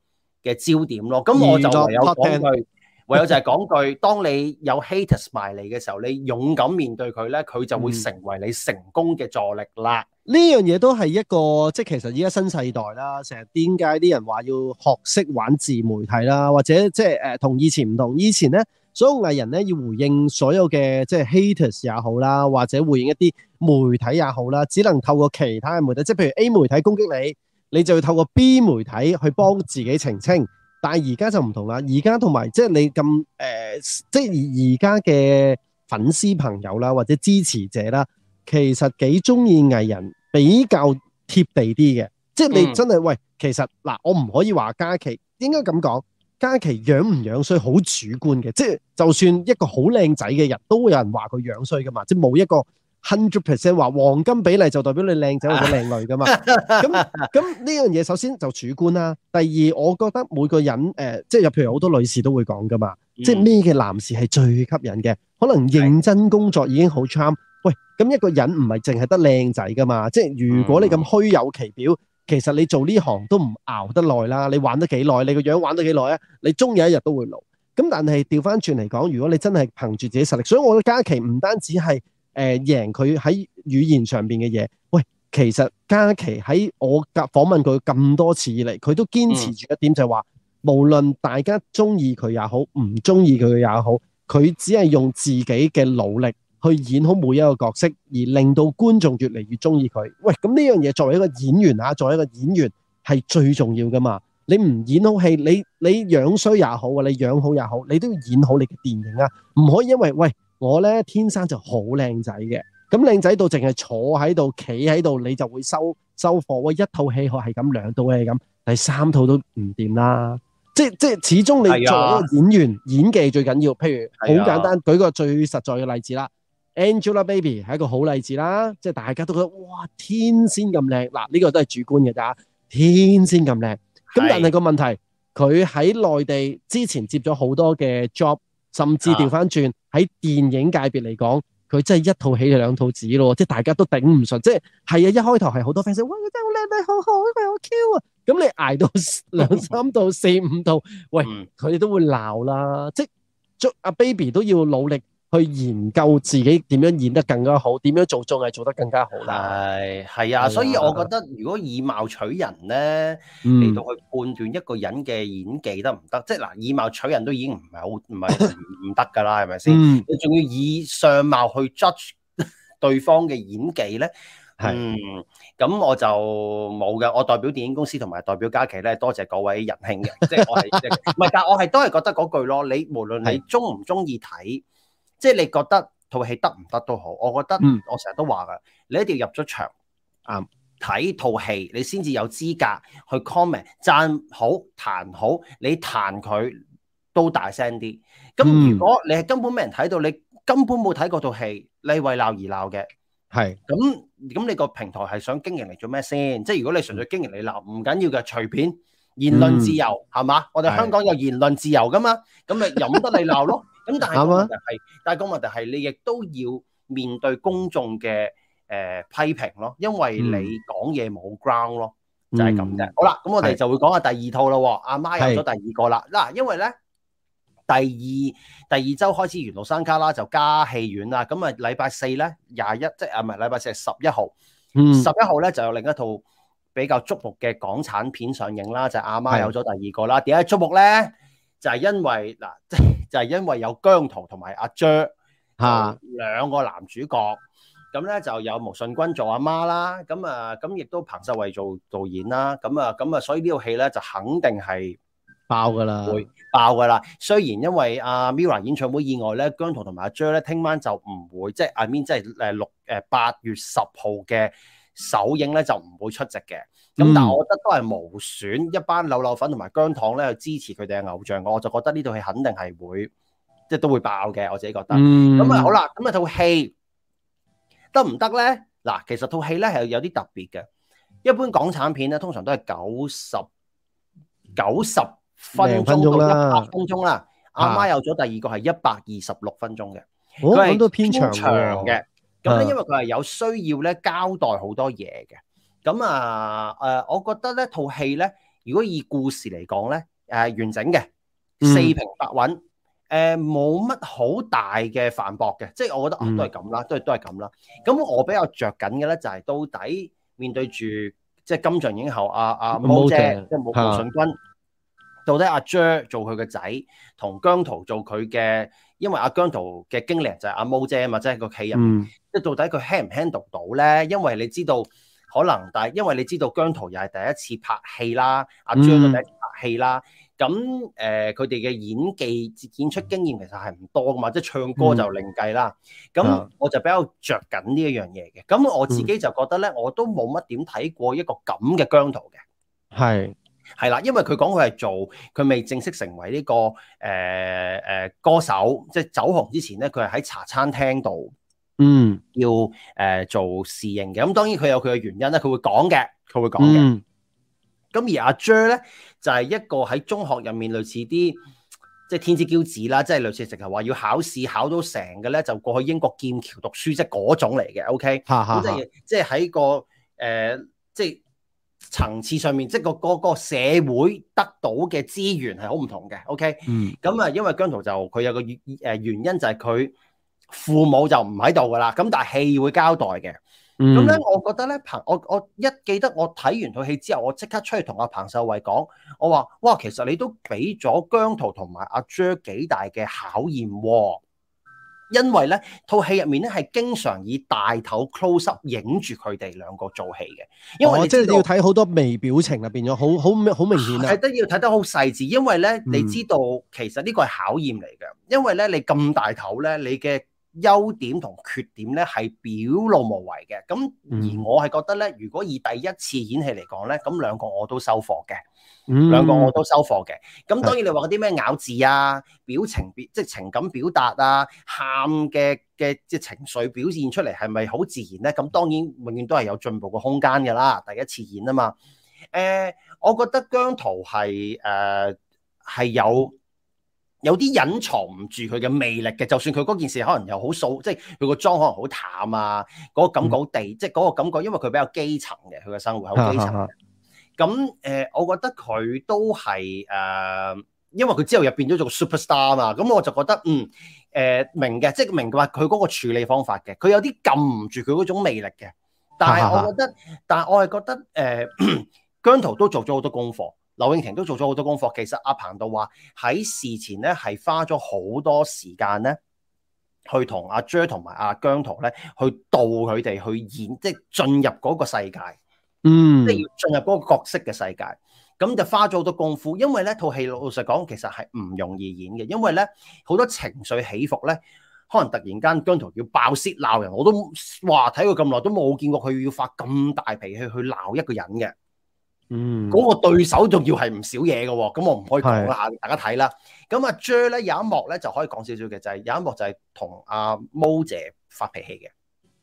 嘅焦點咯。咁我就唯有講句，了唯有就係講句，當你有 haters 埋嚟嘅時候，你勇敢面對佢咧，佢就會成為你成功嘅助力啦。嗯
呢樣嘢都係一個，即係其實而家新世代啦，成日點解啲人話要學識玩自媒體啦，或者即係誒同以前唔同。以前咧，所有藝人咧要回應所有嘅即係 haters 也好啦，或者回應一啲媒體也好啦，只能透過其他嘅媒體，即係譬如 A 媒體攻擊你，你就要透過 B 媒體去幫自己澄清。但係而家就唔同啦，而家同埋即係你咁誒，即係而而家嘅粉絲朋友啦，或者支持者啦。其實幾中意藝人比較貼地啲嘅，即係你真係喂，其實嗱，我唔可以話嘉琪，應該咁講，嘉琪樣唔樣衰好主觀嘅，即係就算一個好靚仔嘅人，都會有人話佢樣衰噶嘛，即係冇一個 hundred percent 話黃金比例就代表你靚仔或者靚女噶嘛。咁咁呢樣嘢，首先就主觀啦，第二我覺得每個人誒、呃，即係又譬如好多女士都會講噶嘛，嗯、即係咩嘅男士係最吸引嘅，可能認真工作已經好 charm。 喂，咁一個人唔係淨係得靚仔噶嘛？即係如果你咁虛有其表，其實你做呢行都唔熬得耐啦。你玩得幾耐？你個樣玩得幾耐啊？你終有一日都會老。咁但係調翻轉嚟講，如果你真係憑住自己實力，所以我覺得嘉琪唔單止係誒贏佢喺語言上邊嘅嘢。喂，其實嘉琪喺我訪問佢咁多次以嚟，佢都堅持住一點就係話，無論大家中意佢也好，唔中意佢也好，佢只係用自己嘅努力。去演好每一個角色，而令到觀眾越嚟越中意佢。喂，咁呢樣嘢作為一個演員啊，作為一個演員係最重要噶嘛。你唔演好戲，你你樣衰也好啊，你樣好也好，你都要演好你嘅電影啊。唔可以因為喂，我呢天生就好靚仔嘅，咁靚仔到淨係坐喺度、企喺度，你就會收收貨。喂，一套戲可係咁，兩套戲咁，第三套都唔掂啦。即即係始終你做一個演員，哎、呦演技最緊要。譬如好簡單，舉個最實在嘅例子啦。Angelababy 係一個好例子啦，即係大家都覺得哇天仙咁靚嗱，呢個都係主觀嘅㗎。天仙咁靚，咁但係個問題，佢喺內地之前接咗好多嘅 job，甚至調翻轉喺電影界別嚟講，佢真係一套起就兩套止咯，即係大家都頂唔順。即係係啊，一開頭係好多 fans，哇，真係好靚女，好好，佢好 cute 啊。咁你捱到兩三到四五套，喂，佢哋都會鬧啦。即係阿 Baby 都要努力。去研究自己點樣演得更加好，
點樣做綜藝做得更加好啦。係係啊，啊所以我覺得如果以貌取人咧，嚟、嗯、到去判斷一個人嘅演技得唔得，即係嗱，以貌取人都已經唔係好唔係唔得噶啦，係咪先？你仲、嗯、要以相貌去 judge 對方嘅演技咧？係咁、啊，嗯、我就冇嘅。我代表電影公司同埋代表嘉琪咧，多謝各位仁兄嘅，即係 我係，唔係，但我係都係覺得嗰句咯。你無論你中唔中意睇。是是即係你覺得套戲得唔得都好，我覺得、嗯、我成日都話㗎，你一定要入咗場啊睇套戲，你先至有資格去 comment 讚好彈好，你彈佢都大聲啲。
咁如果
你係根本冇人睇到，你根本冇睇過套戲，你為鬧而鬧嘅，係咁咁你個平台係想經營嚟做咩先？即係如果你純粹經營你鬧，唔緊要嘅，隨便言論自由係嘛、嗯？我哋香港有言論自由㗎嘛，咁咪由得你鬧咯。 咁但係個問題係，嗯、但係個問題係，你亦都要面對公眾嘅誒批評咯，因為你講嘢冇 ground 咯，就係咁嘅。嗯、好啦，咁、嗯、是我哋就會講下第二套咯。阿媽有咗第二個啦。嗱、啊，因為咧，第二第二週開始沿路，緣路山旮旯啦就加戲院啦。咁、嗯、啊，禮拜四咧廿一，即係啊唔係禮拜四係十一號，十一、嗯、號咧就有另一套比較矚目嘅港產片上映啦，就係阿媽有咗第二個啦。點解矚目咧？就係因為嗱，即就係因為有姜濤同埋阿 Jer、er, 兩個男主角，咁咧、啊、就有毛舜筠做阿媽啦。咁啊咁亦都彭秀慧做導演啦。咁啊咁啊，所以呢套戲咧就肯定係爆噶啦，會爆噶啦。雖然因為阿 MIRROR 演唱會意外咧，姜濤同埋阿 Jer 咧聽晚就唔會，即係阿 Min，即係誒六誒八月十號嘅首映咧就唔會出席嘅。咁但係我覺得都係無損一班柳柳粉同埋姜糖咧去支持佢哋嘅偶像，我就覺得呢套戲肯定係會即係都會爆嘅，我自己覺得。咁啊、嗯嗯、好啦，咁啊套戲得唔得咧？嗱，其實套戲咧係有啲特別嘅，一般港產片咧通常都係九十九十分鐘到一百分鐘啦。阿媽、啊、有咗第二個係一百二十六分鐘嘅，咁都、啊、偏長嘅。咁咧、啊，因為佢係有需要咧交代好多嘢嘅。咁啊，誒、呃，我覺得呢套戲咧，如果以故事嚟講咧，誒、呃，完整嘅四平八穩，誒、呃，冇乜好大嘅反駁嘅，即係我覺得都係咁啦，都係都係咁啦。咁、嗯、我比較着緊嘅咧，就係到底面對住即係金像影后阿阿 m 姐 okay，即係冇冇信君，到底阿、啊、Joe、er、做佢嘅仔，同姜圖做佢嘅，因為阿姜圖嘅經歷就係阿毛 o 姐嘛，即係個企人。即係、嗯、到底佢 h a n d 唔 handle 到咧？因為你知道，你知道。可能，但係因為你知道姜濤又係第一次拍戲啦，阿張都第一次拍戲啦，咁誒佢哋嘅演技、演出經驗其實係唔多噶嘛，即、就、係、是、唱歌就另計啦。咁、嗯、我就比較着緊呢一樣嘢嘅，咁我自己就覺得咧，嗯、我都冇乜點睇過一個咁嘅姜濤嘅。係係啦，因為佢講佢係做，佢未正式成為呢、這個誒誒、呃呃、歌手，即、就、係、是、走紅之前咧，佢係喺茶餐廳度。嗯要，要、呃、誒做侍應嘅，咁當然佢有佢嘅原因咧，佢會講嘅，佢會講嘅。咁、嗯、而阿 J 咧、er、就係、是、一個喺中學入面類似啲即係天之驕子啦，即係類似直頭話要考試考到成嘅咧，就過去英國劍橋讀書，即係嗰種嚟嘅。O K，吓吓吓，即係喺個誒即係層次上面，即係個嗰個社會得到嘅資源係好唔同嘅。O K，咁啊，因為姜濤就佢有個原誒原因就係佢。父母就唔喺度噶啦，咁但係戲會交代嘅。咁咧、嗯嗯，我覺得咧彭，我我一記得我睇完套戲之後，我即刻出去同阿彭秀慧講，我話：哇，其實你都俾咗姜濤同埋阿 Jer、幾大嘅考驗、啊。因為咧套戲入面咧係經常以大頭 close up 影住佢哋兩個做戲嘅。因為哦，即係你要
睇好多微表情啦，變咗好好好明顯啦。係、啊、
都要睇得好細緻，因為咧、嗯、你知道其實呢個係考驗嚟嘅，因為咧你咁大頭咧你嘅。優點同缺點咧係表露無遺嘅，咁而我係覺得咧，如果以第一次演戲嚟講咧，咁兩個我都收貨嘅，
嗯、兩個我都
收貨嘅。咁當然你話嗰啲咩咬字啊、表情表即係情感表達啊、喊嘅嘅即係情緒表現出嚟係咪好自然咧？咁當然永遠都係有進步嘅空間㗎啦，第一次演啊嘛。誒、呃，我覺得姜濤係誒係有。有啲隱藏唔住佢嘅魅力嘅，就算佢嗰件事可能又好素，即係佢個妝可能好淡啊，嗰、那個感覺地，即係嗰個感覺，因為佢比較基層嘅，佢嘅生活好基層。咁誒、 呃，我覺得佢都係誒、呃，因為佢之後又變咗做 superstar 啊嘛。咁我就覺得嗯誒、呃、明嘅，即係明話佢嗰個處理方法嘅，佢有啲撳唔住佢嗰種魅力嘅。但係我覺得，但係我係覺得誒，姜濤都做咗好多功課。劉永婷都做咗好多功課，其實阿彭導話喺事前咧係花咗好多時間咧，去同阿 Jo 同埋阿姜濤咧去導佢哋去演，即係進入嗰個世界，
嗯，即
係進入嗰個角色嘅世界，咁就花咗好多功夫。因為咧套戲老實講，其實係唔容易演嘅，因為咧好多情緒起伏咧，可能突然間姜濤要爆泄鬧人，我都哇睇佢咁耐都冇見過佢要發咁大脾氣去鬧一個人嘅。嗯，嗰個對手仲要係唔少嘢嘅，咁我唔可以講啦是大家睇啦。咁阿 J 咧、er、有一幕咧就可以講少少嘅，就係、是、有一幕就係同阿毛姐發脾氣嘅。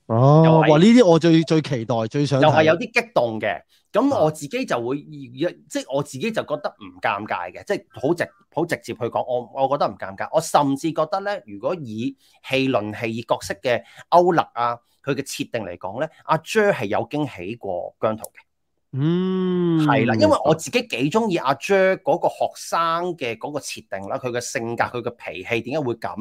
哦，就
是、哇！呢啲我最最期待、最想睇又係有啲
激動嘅。咁我自己就會，哦、即係我自己就覺得唔尷尬嘅，即係好直好直接去講。我我覺得唔尷尬。我甚至覺得咧，如果以戲論戲、角色嘅歐立啊，佢嘅設定嚟講咧，阿 J 係、er、有驚喜過、過、過姜濤嘅。
嗯，係啦，因為我自
己幾中意阿 Jer a 嗰個學生嘅嗰個設定啦，佢嘅性格，佢嘅脾氣點解會咁？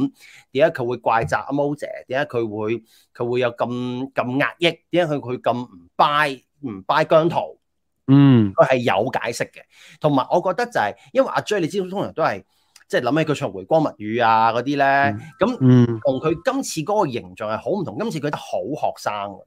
點解佢會怪責阿 Mo 姐？點解佢會佢會有咁咁壓抑？點解佢佢咁唔 buy 唔 buy 姜濤？嗯，佢係有解釋嘅，同埋我覺得就係、是、因為阿 Jer，a、er, 你知道，通常都係即係諗起佢唱《回光物語、啊》啊嗰啲咧，咁同佢今次嗰個形象係好唔同，今次佢得好學生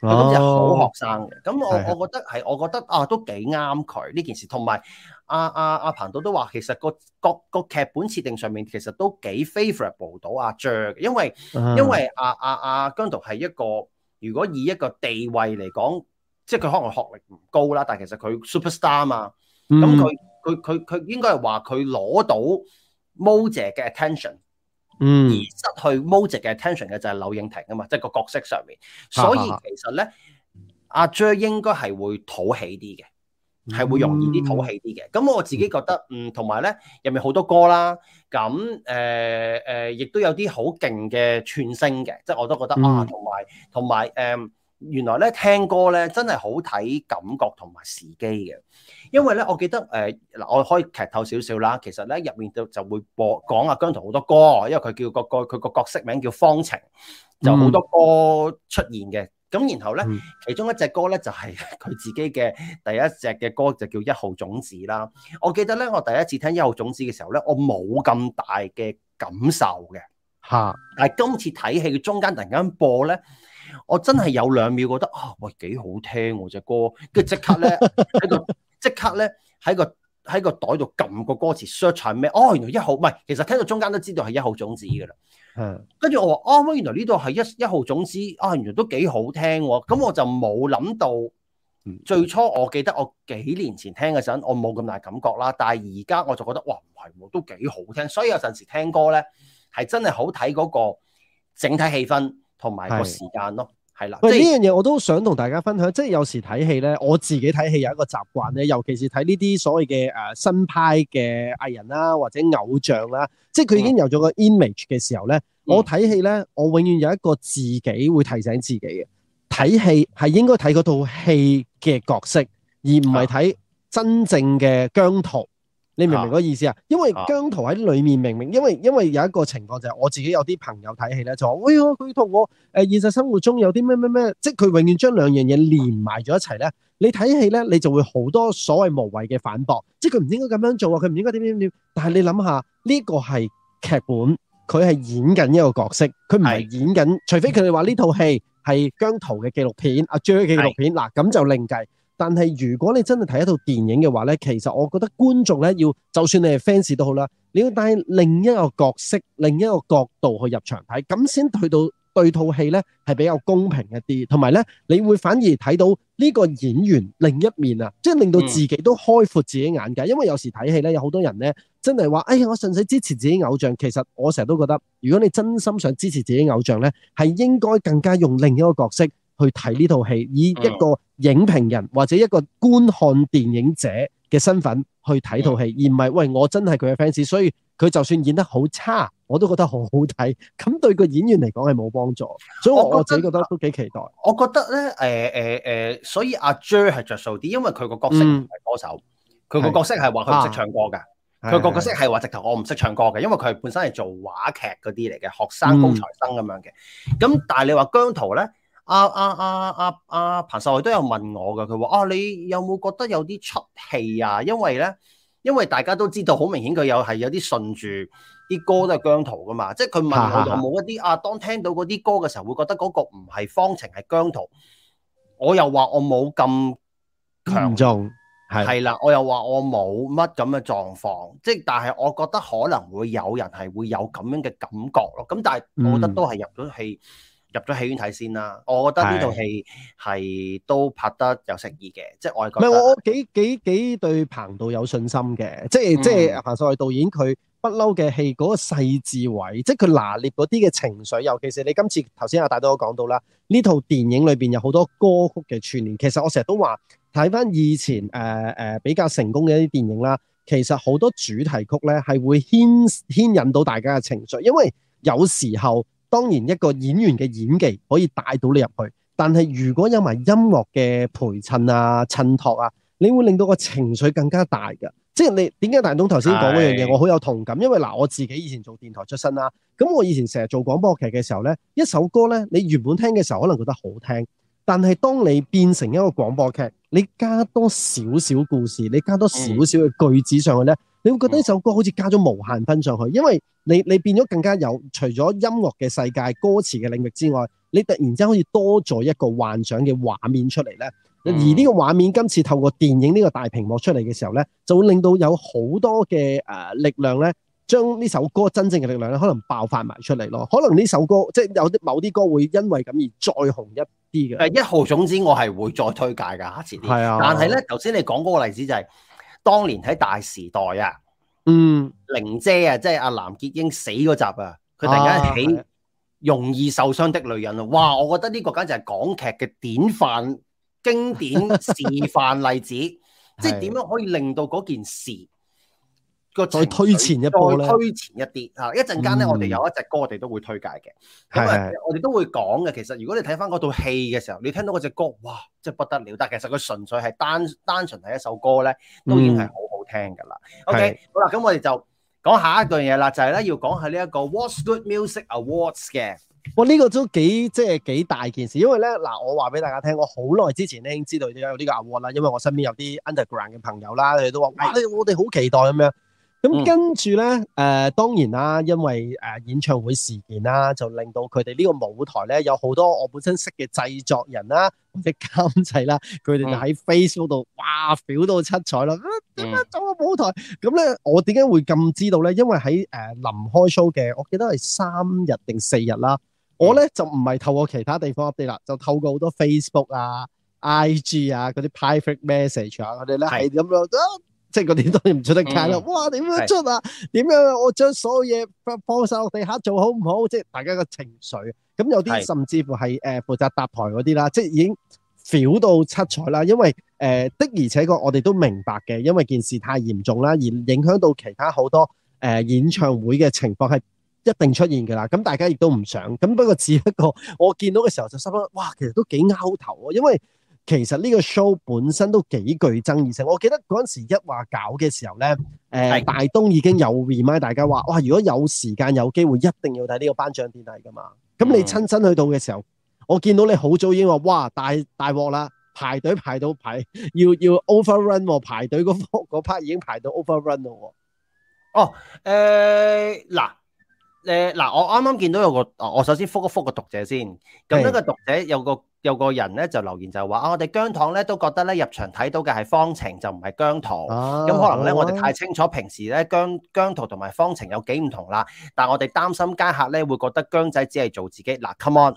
佢都係好學
生嘅，咁我我覺得係，我覺得，我覺得啊都幾啱佢呢件事。同埋阿阿阿彭導都話，其實個個個劇本設定上面其實都幾 favorable 到阿 Jack，啊、因為因為阿阿阿姜濤係一個如果以一個地位嚟講，即係佢可能學歷唔高啦，但係其實佢 superstar 啊嘛，
咁佢
佢佢佢應該係話佢攞到 Mo 姐、ja、嘅 attention。嗯，而失去 moze 嘅 attention 嘅就係柳應廷啊嘛，即、就、係、是、個角色上面，所以其實咧、啊、阿 Jer、er、應該係會討氣啲嘅，係、嗯、會容易啲討氣啲嘅。咁我自己覺得嗯，同埋咧入面好多歌啦，咁誒誒，亦、呃呃、都有啲好勁嘅串聲嘅，即係我都覺得、嗯、啊，同埋同埋誒。原來咧聽歌咧真係好睇感覺同埋時機嘅，因為咧我記得誒，嗱、呃、我可以劇透少少啦。其實咧入面就就會播講阿、啊、姜濤好多歌，因為佢叫個佢個角色名叫方晴，
就好多
歌出現嘅。咁、嗯、然後咧、嗯、其中一隻歌咧就係、是、佢自己嘅第一隻嘅歌就叫《一號種子》啦。我記得咧我第一次聽《一號種子》嘅時候咧，我冇咁大嘅感受嘅吓。哈但係今次睇戲嘅中間突然間播咧。我真係有兩秒覺得，啊，喂幾好聽喎、啊、隻歌，跟住即刻咧喺 個即刻咧喺個喺個袋度撳個歌詞 search 咩？哦，原來一號唔係，其實聽到中間都知道係一號種子噶啦。嗯，跟住我話哦，原來呢度係一一號種子啊、哦，原來都幾好聽喎、啊。咁我就冇諗到，最初我記得我幾年前聽嗰陣，我冇咁大感覺啦。但係而家我就覺得哇唔係，都幾好聽。所以有陣時聽歌咧，係真係好睇嗰個整體氣氛。同埋個時間咯，係啦。呢樣
嘢，我都想同大家分享，即係有時睇戲呢，我自己睇戲有一個習慣咧，尤其是睇呢啲所謂嘅誒新派嘅藝人啦，或者偶像啦，即係佢已經有咗個 image 嘅時候呢，嗯、我睇戲呢，我永遠有一個自己會提醒自己嘅，睇戲係應該睇嗰套戲嘅角色，而唔係睇真正嘅姜濤。嗯嗯你明唔明嗰個意思啊？因為姜濤喺裏面，明明、啊、因為因為有一個情況就係、是、我自己有啲朋友睇戲呢，就話，哎呀，佢同我誒現實生活中有啲咩咩咩，即係佢永遠將兩樣嘢連埋咗一齊呢。你睇戲呢，你就會好多所謂無謂嘅反駁，即係佢唔應該咁樣做啊，佢唔應該點點點。但係你諗下，呢個係劇本，佢係演緊一個角色，佢唔係演緊，是的除非佢哋話呢套戲係姜濤嘅紀錄片、阿 Jer 嘅、er、紀錄片，嗱咁的、啊、就另計。但係如果你真係睇一套電影嘅話呢，其實我覺得觀眾呢，要，就算你係 fans 都好啦，你要帶另一個角色、另一個角度去入場睇，咁先去到對套戲呢係比較公平一啲，同埋呢你會反而睇到呢個演員另一面啊，即係令到自己都開闊自己眼界。因為有時睇戲呢，有好多人呢真係話：哎呀，我純粹支持自己偶像。其實我成日都覺得，如果你真心想支持自己偶像呢，係應該更加用另一個角色。去睇呢套戲，以一個影評人或者一個觀看電影者嘅身份去睇套戲，而唔係喂我真係佢嘅 fans，所以佢就算演得好差，我都覺得好好睇。咁對個演員嚟講係冇幫助，所以我我自己覺得都幾期待
我。我覺得咧，誒誒誒，所以阿 Jer 係著數啲，因為佢個角色唔係歌手，
佢個、嗯、角色係話佢唔識唱歌嘅，佢個、啊、角色係話
直頭我唔識唱歌嘅，啊、因為佢係本身係做話劇嗰啲嚟嘅學生高材生咁樣嘅。咁、嗯、但係你話姜濤咧？啊啊啊啊啊彭秀慧都有問我㗎，佢話：啊，你有冇覺得有啲出戲啊？因為咧，因為大家都知道好明顯佢有係有啲順住啲歌都係姜濤㗎嘛，即係佢問我有冇一啲啊，啊？當聽到嗰啲歌嘅時候，會覺得嗰個唔係方程係姜濤。我又話我冇咁強壯，係係啦，我又話我冇乜咁嘅狀況。即係但係，我覺得可能會有人係會有咁樣嘅感覺咯。咁但係，我覺得都係入咗戲。嗯入咗戲院睇先啦，我覺得呢套戲係都拍得有誠意嘅，即係外係覺唔係我我
幾幾幾對彭導有信心嘅，即係、嗯、即係彭秀慧導演佢不嬲嘅戲嗰、那個細節位，即係佢拿捏嗰啲嘅情緒，尤其是你今次頭先阿大都講到啦，呢套電影裏邊有好多歌曲嘅串聯。其實我成日都話，睇翻以前誒誒、呃呃、比較成功嘅一啲電影啦，其實好多主題曲咧係會牽牽引到大家嘅情緒，因為有時候。當然一個演員嘅演技可以帶到你入去，但係如果有埋音樂嘅陪襯啊、襯托啊，你會令到個情緒更加大嘅。即係你點解大東頭先講嗰樣嘢，我好有同感，因為嗱我自己以前做電台出身啦、啊，咁我以前成日做廣播劇嘅時候呢，一首歌呢，你原本聽嘅時候可能覺得好聽，但係當你變成一個廣播劇，你加多少少故事，你加多少少嘅句子上去呢。嗯你會覺得呢首歌好似加咗無限分上去，因為你你變咗更加有，除咗音樂嘅世界、歌詞嘅領域之外，你突然之間可以多咗一個幻想嘅畫面出嚟咧。嗯、而呢個畫面今次透過電影呢個大屏幕出嚟嘅時候咧，就會令到有好多嘅誒、呃、力量咧，將呢首歌真正嘅力量咧，可能爆發埋出嚟咯。可能呢首歌即係有啲某啲歌會因為咁而再紅一
啲嘅。誒，一號，總之，我係會再推介噶，前邊。係啊。但係咧，頭先你講嗰個例子就係、是。當年喺大時代啊，
嗯，
玲姐啊，即係阿藍潔瑛死嗰集啊，佢突然間起容易受傷的女人啊，哇！我覺得呢個簡直係港劇嘅典範、經典示範例子， 即係點樣可以令到嗰件事。
個再推前一步咧，推前
一啲嚇，一陣間咧，我哋有一隻歌，我哋都會推介嘅。係、嗯，我哋都會講嘅。其實如果你睇翻嗰套戲嘅時候，你聽到嗰隻歌，哇，即係不得了！但其實佢純粹係單單純係一首歌咧，都已經係好好聽㗎啦。OK，好啦，咁我哋就講下一樣嘢啦，就係、是、
咧要講下呢、這、一個 What's Good Music Awards 嘅。哇，呢、這個都幾即係幾大件事，因為咧嗱，我話俾大家聽，我好耐之前咧已經知道有呢個 award 啦，因為我身邊有啲 underground 嘅朋友啦，佢哋都話哇，欸、我哋好期待咁樣。咁、嗯、跟住咧，誒、呃、當然啦，因為誒、呃、演唱會事件啦，就令到佢哋呢個舞台咧，有好多我本身識嘅製作人啦、啊，或者監製啦，佢哋就喺 Facebook 度，哇，表到七彩咯，點、啊、解做個舞台？咁咧、嗯，我點解會咁知道咧？因為喺誒臨開 show 嘅，我記得係三日定四日啦。嗯、我咧就唔係透過其他地方 update 啦，就透過好多 Facebook 啊、IG 啊嗰啲 private message 啊呢，我哋咧係咁樣。的 即係嗰啲當然唔出得街啦！嗯、哇，點樣出啊？點是樣我將所有嘢放晒落地下做好唔好？即係大家嘅情緒，咁有啲甚至乎係誒負責搭台嗰啲啦，是即係已經 feel 到七彩啦。因為誒、呃、的而且確我哋都明白嘅，因為件事太嚴重啦，而影響到其他好多誒、呃、演唱會嘅情況係一定出現噶啦。咁大家亦都唔想。咁不過只不過我見到嘅時候就心諗，哇，其實都幾拗頭啊，因為。其實呢個 show 本身都幾具爭議性，我記得嗰陣時一話搞嘅時候咧，誒、欸、的大東已經有 remind 大家話，哇，如果有時間有機會一定要睇呢個頒獎典禮噶嘛。咁、嗯、你親身去到嘅時候，我見到你好早已經話，哇，大大鑊啦，排隊排到排，要要 overrun，排隊嗰 part 已經排到 overrun 咯。哦，誒、呃、嗱，
誒嗱，我啱啱見到有個，我首先復一復個讀者先，咁呢個讀者有個。有個人咧就留言就話啊，我哋姜糖咧都覺得咧入場睇到嘅係方程就唔係姜濤，咁、啊、可能咧我哋太清楚平時咧姜姜濤同埋方程有幾唔同啦，但係我哋擔心街客咧會覺得姜仔只係做自己。嗱、啊、come on，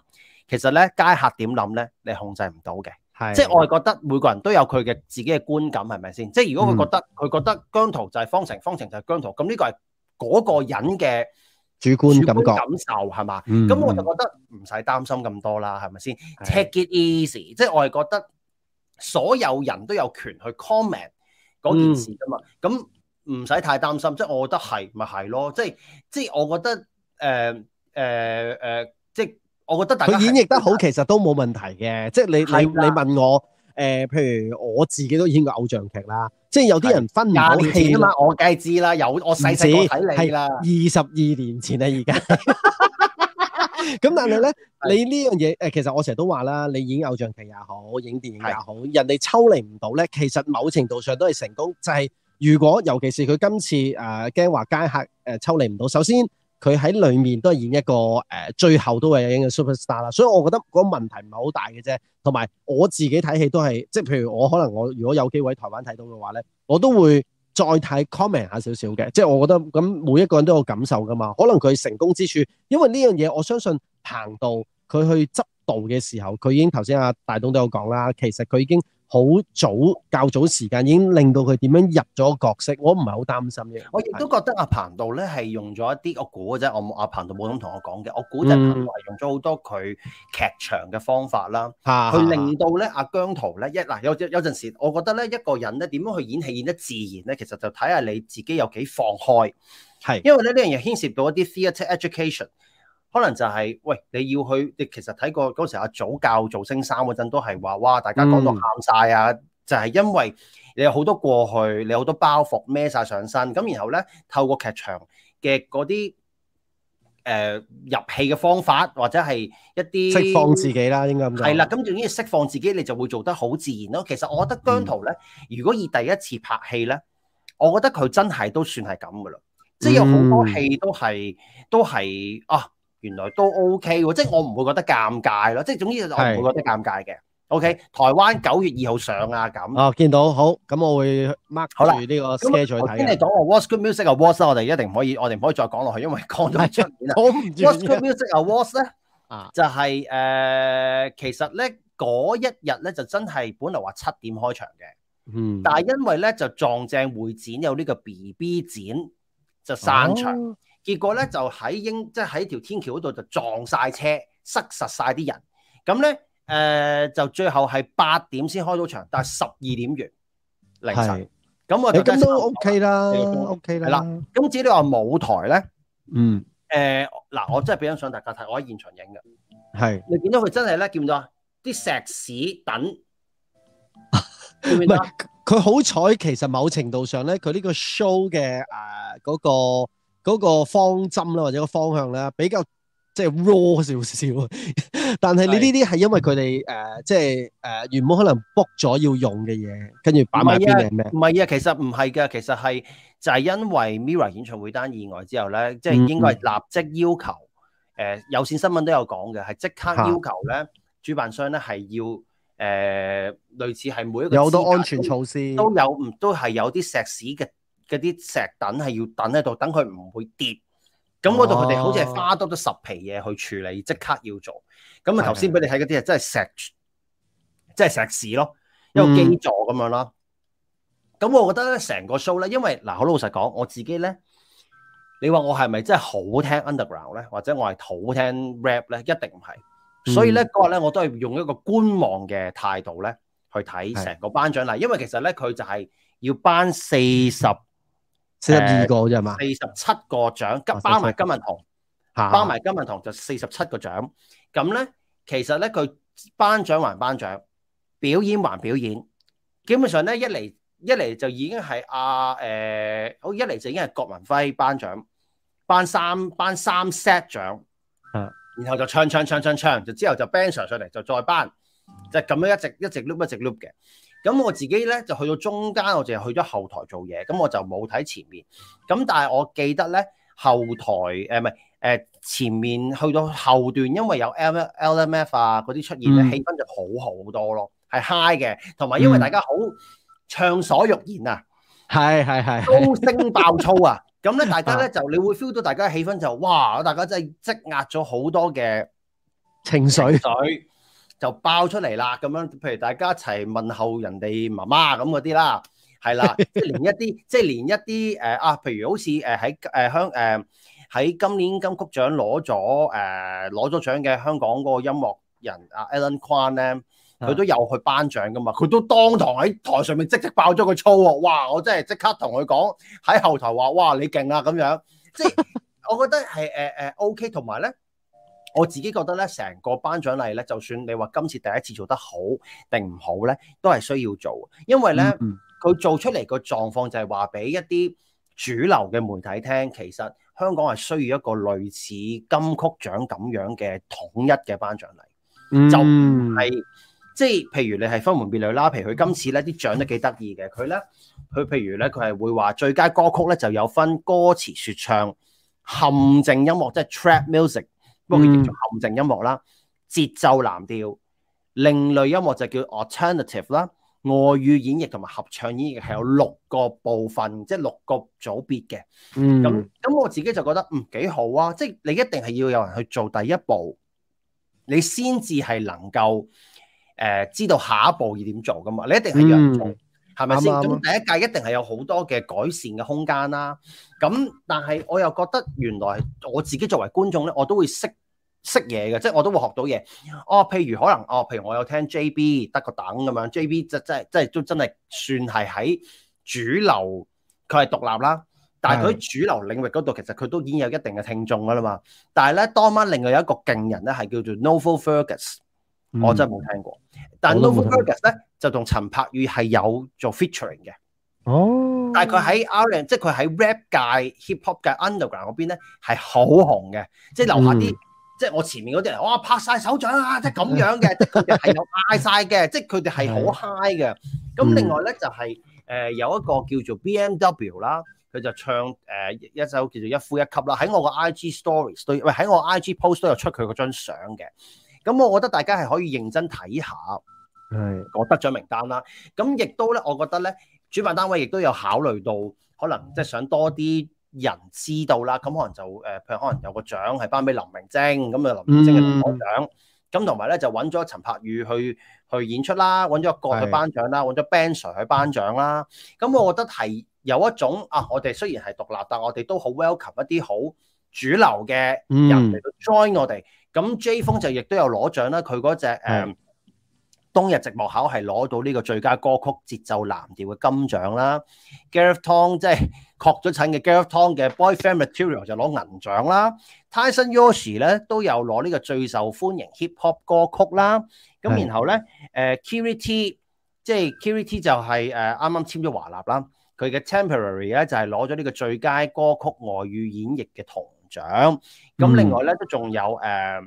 其實咧街客點諗咧，你控制唔到嘅，的即係我係覺得每個人都有佢嘅自己嘅觀感，係咪先？即係如果佢覺得佢、嗯、覺得姜濤就係方程，方程就係姜濤，咁呢個係嗰個人嘅。主觀感覺，感受係嘛？咁、嗯嗯、我就覺得唔使擔心咁多啦，係咪先？Take it easy，的即係我係覺得所有人都有權去 comment 嗰件事噶嘛。咁唔使太擔心，嗯、即係我覺得係咪係咯？即係即係我覺得誒誒誒，即係我覺得大家佢演繹得
好，其實都冇問題嘅。即係你你的你問我誒、呃，譬如我自己都演過偶像劇啦。即係有啲人分唔到戲啊，我梗
係知啦，有我細細個睇你啦，二
十二年前啊 呢，而家咁但係咧，你呢樣嘢誒，其實我成日都話啦，你演偶像劇也好，影電影又好，是人哋抽離唔到咧，其實某程度上都係成功，就係、是，如果尤其是佢今次誒驚話街客誒抽離唔到，首先。佢喺裏面都係演一個誒、呃，最後都係演個 superstar 啦，所以我覺得嗰個問題唔係好大嘅啫。同埋我自己睇戲都係，即係譬如我可能我如果有機會喺台灣睇到嘅話咧，我都會再睇 comment 下少少嘅。即係我覺得咁每一個人都有感受噶嘛。可能佢成功之處，因為呢樣嘢我相信彭導佢去執導嘅時候，佢已經頭先阿大董都有講啦，其實佢已經。好早、較早時間已經令到佢點樣入咗角色，我唔係好擔心啫。
我亦都覺得阿彭導咧係用咗一啲，我估嘅啫。我阿彭導冇點同我講嘅，我估就係用咗好多佢劇場嘅方法啦，嗯、去令到咧阿姜濤咧一嗱有有陣時，我覺得咧一個人咧點樣去演戲演得自然咧，其實就睇下你自己有幾放開係，的因為咧呢樣嘢牽涉到一啲 theatre education。可能就係、是、喂，你要去你其實睇過嗰時阿祖教造星三嗰陣，都係話哇，大家講到喊晒啊！嗯、就係因為你有好多過去，你好多包袱孭晒上身。咁然後咧，透過劇場嘅嗰啲誒入戲嘅方法，或者係一啲釋放自己啦，
應該咁講。係啦，
咁仲要釋放自己，你就會做得好自然咯、啊。其實我覺得姜濤咧，嗯、如果以第一次拍戲咧，我覺得佢真係都算係咁噶啦，嗯、
即係有好多戲
都係都係啊。啊啊啊啊啊啊原來都 OK 喎，即係我唔會覺得尷尬咯，即係總之我唔會覺得尷尬嘅。是 OK，台灣九月二號上啊咁。啊，
見到好，咁我會 mark 住呢個車取睇。咁先嚟
講個 What's Good Music Awards，我哋一定唔可以，我哋唔可以再講落去，因為講咗出面啦。我唔知啊。What's Good Music Awards 呢？ 啊，就係、是、誒、呃，其實咧嗰一日咧就真係本嚟話七點開場嘅，嗯，但係因為咧就撞正會展有呢個 BB 展，就散場。嗯結果咧就喺英即喺條天橋嗰度就撞晒車，塞實晒啲人。咁咧誒就最後係八點先開到場，但係十二點完凌晨。咁我哋都 OK 啦，OK 啦。係咁至於你話舞台
咧，
嗯誒嗱、欸，我真係俾張相大家睇，我喺現場影嘅。係是你見到佢真係咧見唔見到啲石屎等？
唔係佢好彩，其實某程度上咧，佢呢個 show 嘅誒嗰個。嗰個方針啦，或者個方向咧，比較即係 raw 少少。但係你呢啲係因為佢哋誒，即係誒、呃、原本可能 book 咗要用嘅嘢，跟住擺埋邊嚟咩？
唔係啊，啊，其實唔係㗎，其實係就係因為 Mirror 演唱會單意外之後咧，即、就、係、是、應該立即要求誒、呃、有線新聞都有講嘅，係即刻要求咧，啊、主辦商咧係要誒、呃、類似係每一個都有好多安全措施都有，都係有啲石屎嘅。嗰啲石凳係要等喺度，等佢唔會跌。咁嗰度佢哋好似係花多咗十皮嘢去處理，即刻要做。咁啊頭先俾你睇嗰啲啊，真係石，真係的石屎咯，一個基座咁樣啦。咁、嗯、我覺得咧，成個 show 咧，因為嗱，好老實講，我自己咧，你話我係咪真係好聽 underground 咧，或者我係好聽 rap 咧，一定唔係。
所以咧，
嗰日咧我都係用一個觀望嘅態度咧，去睇成個頒獎禮，的因為其實咧佢就係要頒四十。
四十二個啫嘛，四十七
個獎，加包埋今日堂，
包埋
今日堂就四十七個獎。咁咧，其實咧佢頒獎還頒獎，表演還表演，基本上咧一嚟一嚟就已經係啊，誒、呃，好一嚟就已經係郭文輝頒獎，頒三頒三 set 獎，啊，然後就唱唱唱唱唱，就之後就 band 上上嚟就再頒，就係、是、咁樣一直一直碌一直碌嘅。咁我自己咧就去到中間，我淨係去咗後台做嘢，咁我就冇睇前面。咁但係我記得咧後台誒唔係誒前面去到後段，因為有 L M L M F 啊嗰啲出現咧，氣氛就好好多咯，係、嗯、high 嘅，同埋因為大家好暢所欲
言啊，係係係
高聲爆粗啊，咁咧大家咧 就你會 feel 到大家嘅氣氛就哇，大家真係積壓咗好多嘅
情緒。情緒
就爆出嚟啦，咁樣，譬如大家一齊問候人哋媽媽咁嗰啲啦，係啦，即連一啲即係連一啲誒啊，譬如好似誒喺誒香誒喺今年金曲獎攞咗誒攞咗獎嘅香港嗰個音樂人阿 Alan Kwan 咧，佢都有去頒獎噶嘛，佢都當堂喺台上面即刻爆咗個粗，哇！我真係即刻同佢講喺後台話，哇！你勁呀咁樣，即係我覺得係誒誒 O K，同埋咧。呃呃 OK。我自己覺得咧，成個頒獎禮咧，就算你話今次第一次做得好定唔好咧，都係需要做，因為咧佢做出嚟個狀況就係話俾一啲主流嘅媒體聽，其實香港係需要一個類似金曲獎咁樣嘅統一嘅頒獎禮，就唔係、嗯、即係譬如你係分門別類啦。譬如佢今次咧啲獎都幾得意嘅，佢咧佢譬如咧佢係會話最佳歌曲咧就有分歌詞、說唱、陷阱音樂，即係 trap music。不過佢叫做陷阱音樂啦，節奏藍調、另類音樂就叫 alternative 啦。外語演繹同埋合唱演繹係有六個部分，即係六個組別嘅。咁咁、嗯、我自己就覺得嗯幾好啊！即係你一定係要有人去做第一步，你先至係能夠誒、呃、知道下一步要點做㗎嘛。你一定係要有人做，係咪先？咁吧對吧 第一屆一定係有好多嘅改善嘅空間啦。咁但係我又覺得原來我自己作為觀眾咧，我都會識。識嘢嘅，即係我都會學到嘢。哦，譬如可能，哦，譬如我有聽 JB，得個等咁樣。JB 即即即都真係算係喺主流，佢係獨立啦。但係佢喺主流領域嗰度，其實佢都已經有一定嘅聽眾噶啦嘛。但係咧，當晚另外有一個勁人咧，係叫做 Novel Fergus，我真係冇聽過。嗯、但 Novel Fergus 咧就同陳柏宇係有做 featuring 嘅。哦，但係佢喺 R，即係佢喺 rap 界、hip hop 界 underground 嗰邊咧係好紅嘅，即係樓下啲。嗯嗯即係我前面嗰啲人，哇拍晒手掌啊！即係咁樣嘅， 即係佢哋係有嗌晒嘅，即係佢哋係好 high 嘅。咁另外咧就係、是、誒、呃、有一個叫做 BMW 啦，佢就唱誒、呃、一首叫做《一呼一吸》啦，喺我個 IG Stories 對，喂、呃、喺我 IG Post 都有出佢嗰張相嘅。咁我覺得大家係可以認真睇下。
係
我的得獎名單啦。咁亦都咧，我覺得咧，主辦單位亦都有考慮到，可能即係想多啲。人知道啦，咁可能就誒，譬如可能有個獎係頒俾林明晶，咁啊林明晶嘅攞獎，咁同埋咧就揾咗陳柏宇去去演出啦，揾咗一個去頒獎啦，揾咗 Ben Sir 的去頒獎啦，咁我覺得係有一種啊，我哋雖然係獨立，但我哋都好 welcome 一啲好主流嘅人嚟到 join 我哋，咁、嗯、J 峰就亦都有攞獎啦，佢嗰隻誒。的當日直木考係攞到呢個最佳歌曲節奏藍調嘅金獎啦，Gareth Tong 即係確咗診嘅 Gareth Tong 嘅 Boyfriend Material 就攞銀獎啦，Tyson Yoshi 咧都有攞呢個最受歡迎 hip hop 歌曲啦，咁然後咧誒 Kiri T 即係 Kiri T 就係誒啱啱簽咗華納啦，佢嘅 Temporary 咧就係攞咗呢個最佳歌曲外語演繹嘅銅獎，咁另外咧都仲有誒。呃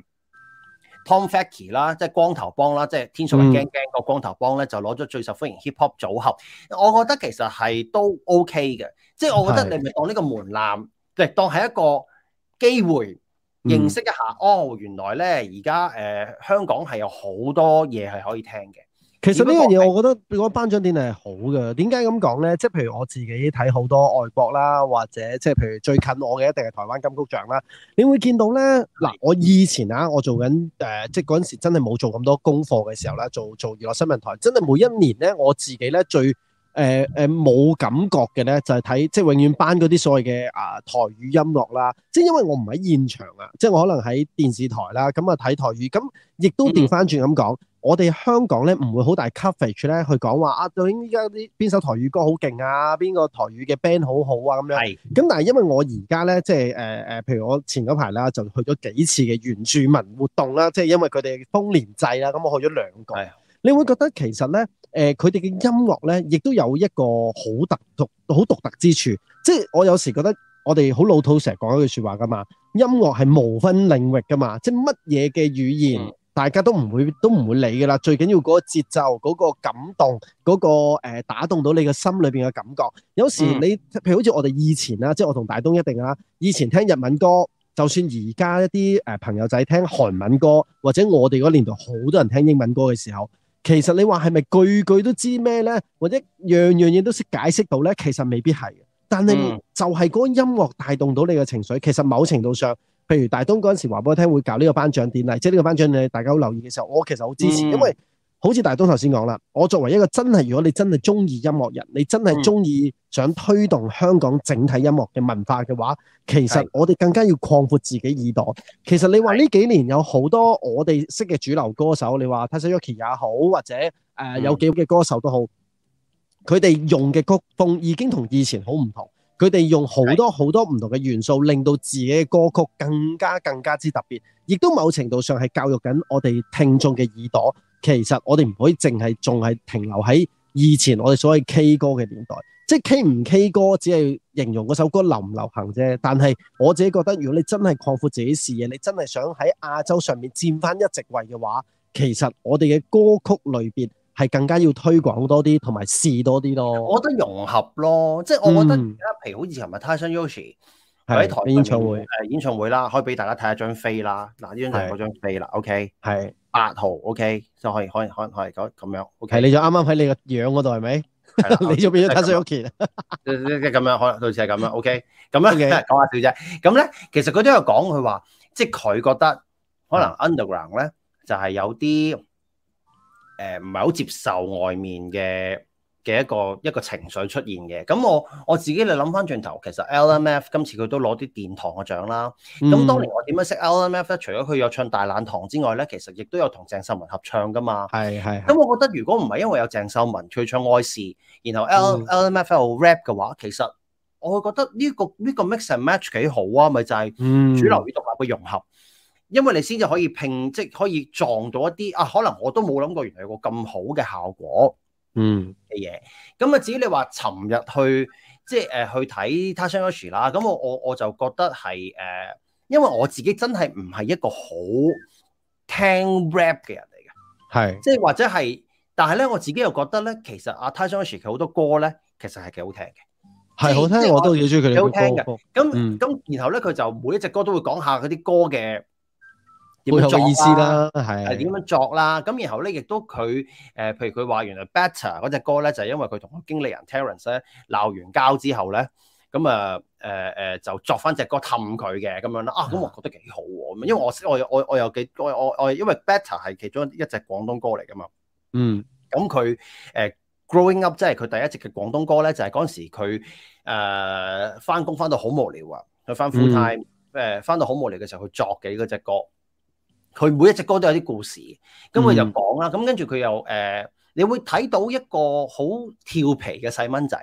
Tom Fakie 啦，即係光頭幫啦，即係天水圍 gang gang 個光頭幫咧，嗯、就攞咗最受歡迎 hip hop 組合。我覺得其實係都 OK 嘅，即係的我覺得你咪當呢個門檻，即係當係一個機會認識一下。嗯、哦，原來咧而家誒香港係有好多嘢係可以聽嘅。
其實呢樣嘢，我覺得如果頒獎典禮係好嘅，點解咁講咧？即係譬如我自己睇好多外國啦，或者即係譬如最近我嘅一定係台灣金曲獎啦，你會見到咧嗱，我以前啊，我做緊誒、呃，即係嗰陣時真係冇做咁多功課嘅時候啦，做做娛樂新聞台，真係每一年咧，我自己咧最誒誒冇感覺嘅咧，就係、是、睇即係永遠頒嗰啲所謂嘅啊台語音樂啦，即係因為我唔喺現場啊，即係我可能喺電視台啦，咁啊睇台語，咁亦都掉返轉咁講。嗯我哋香港咧唔會好大 coverage 咧，去講話啊！究竟依家啲邊首台語歌好勁啊？邊個台語嘅 band 好好啊？咁樣，係咁是，但係因為我而家咧，即係誒誒，譬如我前嗰排啦，就去咗幾次嘅原住民活動啦，即係因為佢哋豐年祭啦，咁我去咗兩個，係是你會覺得其實咧，誒佢哋嘅音樂咧，亦都有一個好獨好獨特之處。即係我有時覺得我哋好老土，成日講一句説話㗎嘛，音樂係無分領域㗎嘛，即係乜嘢嘅語言、嗯。大家都唔會都唔會理噶啦，最緊要嗰個節奏、嗰個感動、嗰個、誒、打動到你嘅心裏邊嘅感覺。有時你譬如好似我哋以前啦，即係我同大東一定啦，以前聽日文歌，就算而家一啲誒朋友仔聽韓文歌，或者我哋嗰年代好多人聽英文歌嘅時候，其實你話係咪句句都知咩呢？或者樣樣嘢都識解釋到呢？其實未必係嘅。但係就係嗰音樂帶動到你嘅情緒，其實某程度上。譬如大東嗰陣時話俾我聽，會搞呢個頒獎典禮，即係呢個頒獎典禮大家好留意嘅時候，我其實好支持，因為好似大東頭先講啦，我作為一個真係如果你真係中意音樂人，你真係中意想推動香港整體音樂嘅文化嘅話，其實我哋更加要擴闊自己耳朵。其實你話呢幾年有好多我哋識嘅主流歌手，你話 Tyson Yoshi 也好，或者誒、呃、有幾好嘅歌手都好，佢哋用嘅曲風已經同以前好唔同。佢哋用好多好多唔同嘅元素，令到自己嘅歌曲更加更加之特別，亦都某程度上係教育緊我哋聽眾嘅耳朵。其實我哋唔可以淨係仲係停留喺以前我哋所謂 K 歌嘅年代，即係 K 唔 K 歌只係形容嗰首歌流唔流行啫。但係我自己覺得，如果你真係擴闊自己視野，你真係想喺亞洲上面佔翻一席位嘅話，其實我哋嘅歌曲類別。係更加要推廣多啲，同埋試多啲咯。我覺得融合
咯，即係我覺得而家，譬如好似係咪 Tyson Yoshi
喺台演唱會，
誒演唱會啦，可以俾大家睇下張飛啦。嗱，呢張就係嗰張飛啦。OK，係八號。OK，就可以，可以，可以，可以咁樣。OK，你
就啱啱喺你個樣嗰度係咪？係啦，你就變咗 Tyson Yoshi 啊？
咁樣可能類似係咁啦。OK，咁咧講下笑啫。咁咧其實佢都有講，佢話即係佢覺得可能 Underground 咧就係有啲。誒唔係好接受外面嘅嘅一個一個情緒出現嘅，咁我我自己嚟諗翻轉頭，其實 L M F 今次佢都攞啲殿堂嘅獎啦。咁、嗯、當年我點樣識 L M F 咧？除咗佢有唱大懶堂之外咧，其實亦都有同鄭秀文合唱㗎嘛。係係。咁我覺得如果唔係因為有鄭秀文佢唱愛是，然後 L,、嗯、L M F 喺 rap 嘅話，其實我會覺得呢、呢個呢、呢個 mix and match 幾好啊，咪就係主流與獨立嘅融合。因為你先至可以拼，即可以撞到一啲啊，可能我都冇諗過，原來有個咁好嘅效果，
嗯
嘅嘢。咁啊，至於你話尋日去，即係誒、呃、去睇 Tyson Yoshi 啦。咁我我我就覺得係誒、呃，因為我自己真係唔係一個好聽 rap 嘅人嚟嘅，係即係或者係，但係咧我自己又覺得咧，其實啊 Tyson Yoshi 佢好多歌咧，其實係幾好聽嘅，係好聽即我都幾中意佢嘅歌嘅。咁咁、嗯，然後咧佢就每一隻歌都會講下嗰啲歌嘅。嗯點樣、啊、思啦，係點樣作啦、啊？咁然後咧，亦都佢誒，譬、呃、如佢話原來 Better 嗰隻歌咧，就係、是、因為佢同個經理人 Terence 咧鬧完交之後咧，咁啊誒誒就作翻隻歌氹佢嘅咁樣啦啊！咁、啊、我覺得幾好、啊，因為我我我有我又幾我我我因為 Better 係其中一一隻廣東歌嚟噶嘛，嗯，咁佢誒 Growing Up 即係佢第一隻嘅廣東歌咧，就係嗰陣時佢誒翻工翻到好無聊啊，佢翻 full time 誒翻、嗯呃、到好無聊嘅時候，佢作嘅嗰隻歌。佢每一隻歌都有啲故事，咁佢就講啦。咁、嗯、跟住佢又誒、呃，你會睇到一個好調皮嘅細蚊仔，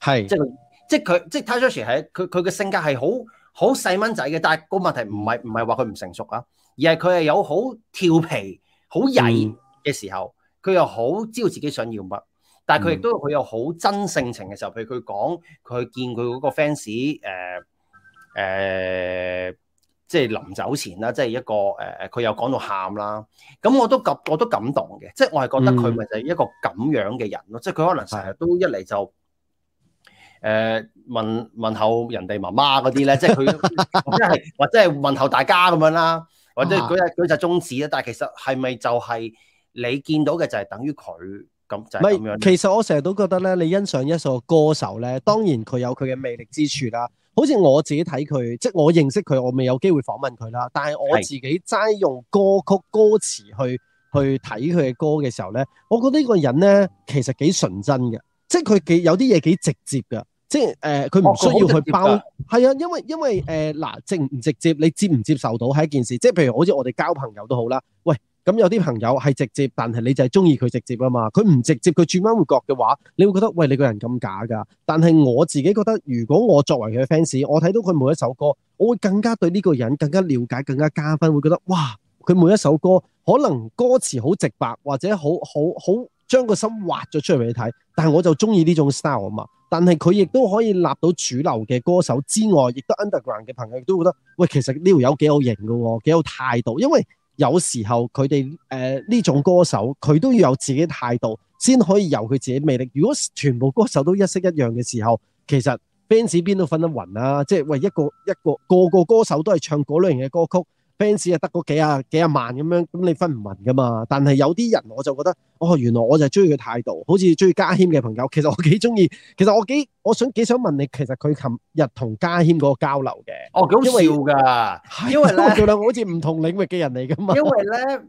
係是 即係即係佢即係 Tyson 佢佢嘅性格係好好細蚊仔嘅，但係個問題唔係唔係話佢唔成熟啊，而係佢係有好調皮好曳嘅時候，佢、嗯、又好知道自己想要乜，但係佢亦都佢有好真性情嘅時候，譬如佢講佢見佢嗰個 fans 誒誒。呃呃即係臨走前啦，即係一個誒誒，佢又講到喊啦，咁我都感我都感動嘅，即係我係覺得佢咪就係一個咁樣嘅人咯，嗯、即係佢可能成日都一嚟就誒、呃、問問候人哋媽媽嗰啲咧，即係佢即係或者係問候大家咁樣啦，或者嗰日佢就終止啦。但係其實係咪就係你見到嘅就係等於佢咁？唔、就、係、係，其實
我成日都覺得咧，你欣賞一首歌手咧，當然佢有佢嘅魅力之處啦、啊。好似我自己睇佢，即係我認識佢，我未有機會訪問佢啦。但係我自己齋用歌曲歌詞去去睇佢嘅歌嘅時候咧，我覺得呢個人咧，其實幾純真嘅，即係佢幾有啲嘢幾直接㗎，即係誒佢唔需要去包，係、哦、啊，因為因為誒嗱、呃，直唔直接你接唔接受到係一件事，即係譬如好似我哋交朋友都好啦，喂。咁有啲朋友係直接，但係你就係中意佢直接啊嘛。佢唔直接，佢轉彎抹角嘅話，你會覺得喂你個人咁假㗎。但係我自己覺得，如果我作為佢嘅 fans，我睇到佢每一首歌，我會更加對呢個人更加了解，更加加，加分，會覺得哇佢每一首歌可能歌詞好直白，或者好好好將個心挖咗出嚟俾你睇。但係我就中意呢種 style 啊嘛。但係佢亦都可以立到主流嘅歌手之外，亦都 underground 嘅朋友亦都會覺得喂，其實呢條友幾有型㗎喎，幾有態度，因為。有時候佢哋誒，呢種歌手，佢都要有自己態度，先可以由佢自己魅力。如果全部歌手都一式一樣嘅時候，其實 fans 子邊度瞓得暈啊！即係喂，一個一個個個歌手都係唱嗰類型嘅歌曲。fans 啊得嗰幾十幾十萬咁樣，咁你分唔明噶嘛？但係有啲人我就覺得，哦，原來我就係中意佢態度，好似中意嘉謙嘅朋友。其實我幾中意，其實我幾我想幾想問你，其實佢琴日同嘉謙嗰個交流嘅。哦，幾好笑
噶，因為咧，我哋
兩個好似唔同領域嘅人嚟噶嘛。因為咧，誒、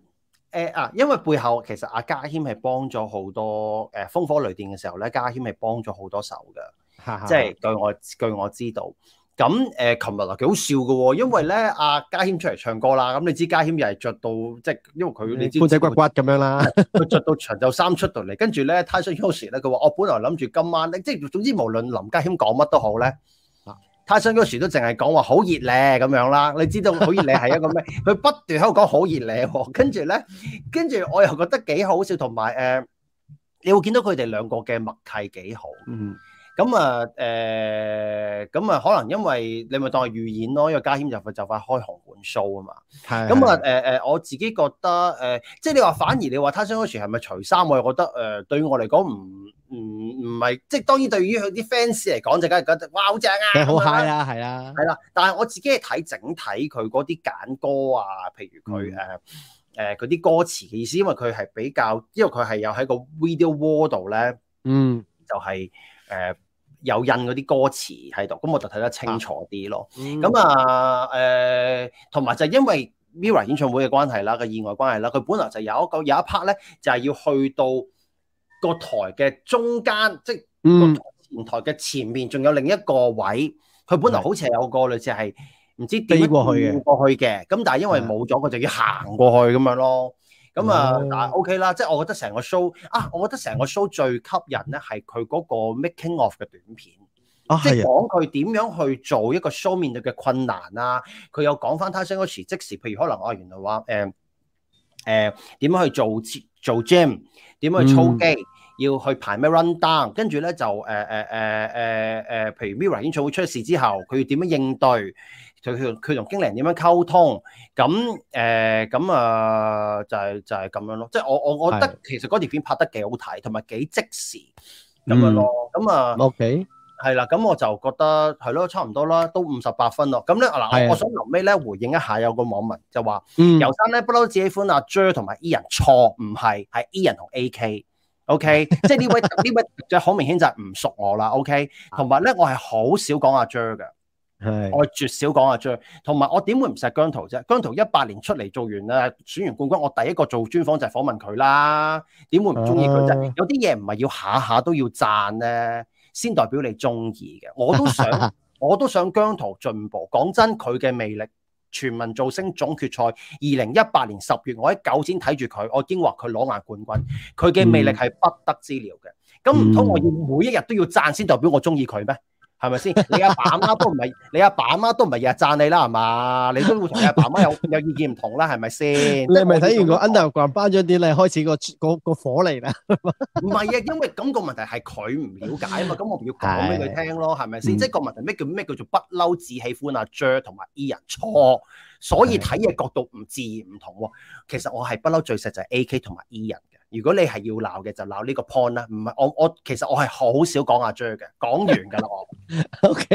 呃、啊，因為背後其實阿嘉謙係幫咗好多，誒、呃、風火雷電嘅時候咧，嘉謙係幫咗好多手嘅，即係據我據我知道。咁誒，琴日啊，幾好笑，噶因為咧，阿家謙出嚟唱歌啦。咁你知家謙又係着到即係，因為佢你知，褲仔骨骨
咁樣啦，
佢着到長袖衫出到嚟。跟住咧，泰森嗰時咧，佢話，我本來諗住今晚，即係總之無論林家謙講乜都好咧，啊，泰森嗰時都淨係講話好熱咧咁樣啦。你知道好熱咧係一個咩？佢 不斷喺度講好熱咧，跟住咧，跟住我又覺得幾好笑，同埋誒，你會見到佢哋兩個嘅默契幾好。嗯。 咁啊，誒、嗯，咁、嗯、啊、嗯嗯，可能因為你咪當係預演咯，因為家謙就快就快開紅館 show 啊嘛是的、嗯。係。咁啊，誒誒，我自己覺得誒、嗯，即係你話反而你話他生於時係咪除衫，我又覺得誒、呃，對於我嚟講唔唔唔係，即係當然對於佢啲 fans 嚟講就梗係覺得：哇「哇好正啊！好 high 啦，係啦、啊，係啦。但係我自己係睇整體佢嗰啲揀歌啊，譬如佢誒誒啲歌詞嘅意思，因為佢係比較，因為佢係有喺個 video world 度咧、嗯就係，嗯，就係、是、誒。嗯嗯就係嗯嗯有印嗰啲歌詞喺度，咁我就睇得清楚啲咯。咁、嗯、啊，誒、呃，同埋就因為 Mirror 演唱會嘅關係啦，個意外關係啦，佢本來就有一個有一 part 咧，就係、是、要去到個台嘅中間，即、
就、係、是、
前台嘅前面，仲有另一個位。佢、嗯、本來好似係有個類似係唔知飛過去過去嘅，咁但係因為冇咗，佢就要行過去咁樣咯。咁啊，嗯嗯、但係 OK 啦，即係我覺得成個 show 啊，我覺得成個 show 最吸引咧係佢嗰個 making of 嘅短片，啊、即係講佢點樣去做一個 show 面對嘅困難啊。佢有講返他生嗰時，即時譬如可能我、啊、原來話誒誒點樣去做做 gym，點樣去操機，嗯、要去排咩 run down，跟住咧就誒誒誒誒誒，譬如 Mirror 演唱會出事之後，佢要點樣應對？佢佢佢同經理人點樣溝通？咁誒咁啊，就係、是、就係、是、咁樣咯。即係我我覺得其實嗰條片拍得幾好睇，同埋幾即時
咁、嗯、樣咯。咁啊，OK，
係啦、嗯。咁我就覺得係、嗯嗯、咯，差唔多啦，都五十八分咯。咁咧嗱，我想臨尾咧回應一下，有個網民就話：遊生咧不嬲只喜歡阿 Jer 與同埋 Ian，錯，唔係係 Ian 同 AK。AK, OK， 即係呢位呢 位就好明顯就係唔熟我啦。OK，同埋咧我係好少講阿 J 嘅、er。我絕少講啊，最同埋我點會唔錫姜濤啫？姜濤一八年出嚟做完啦，選完冠軍，我第一個做專訪就係訪問佢啦。點會唔中意佢啫？啊、有啲嘢唔係要下下都要讚咧，先代表你中意嘅。我都想， 我都想姜濤進步。講真，佢嘅魅力，全民造星總決賽二零一八年十月，我喺九展睇住佢，我已經話佢攞埋冠軍。佢嘅魅力係不得之了嘅。咁唔通我要每一日都要讚先代表我中意佢咩？係咪先？你阿爸阿媽都唔係，你阿爸阿媽都唔係日日讚你啦，係嘛？你都會同阿爸阿媽有有意見唔同啦，係咪先？ 你係咪睇完
個 underground 頒獎典禮開始個個火嚟啦。
唔係啊，因為咁，就是，個問題係佢唔了解啊嘛，咁我唔要講俾佢聽咯，係咪先？即係個問題咩叫咩叫做不嬲只喜歡阿 J 同埋 E 人錯，所以睇嘢角度唔自然唔同喎。其實我係不嬲最實就係 AK 同埋 E 人。如果你係要鬧嘅，就鬧呢個 point 啦。唔係我我其實我係好少講阿 J 嘅，講完㗎啦我。
OK，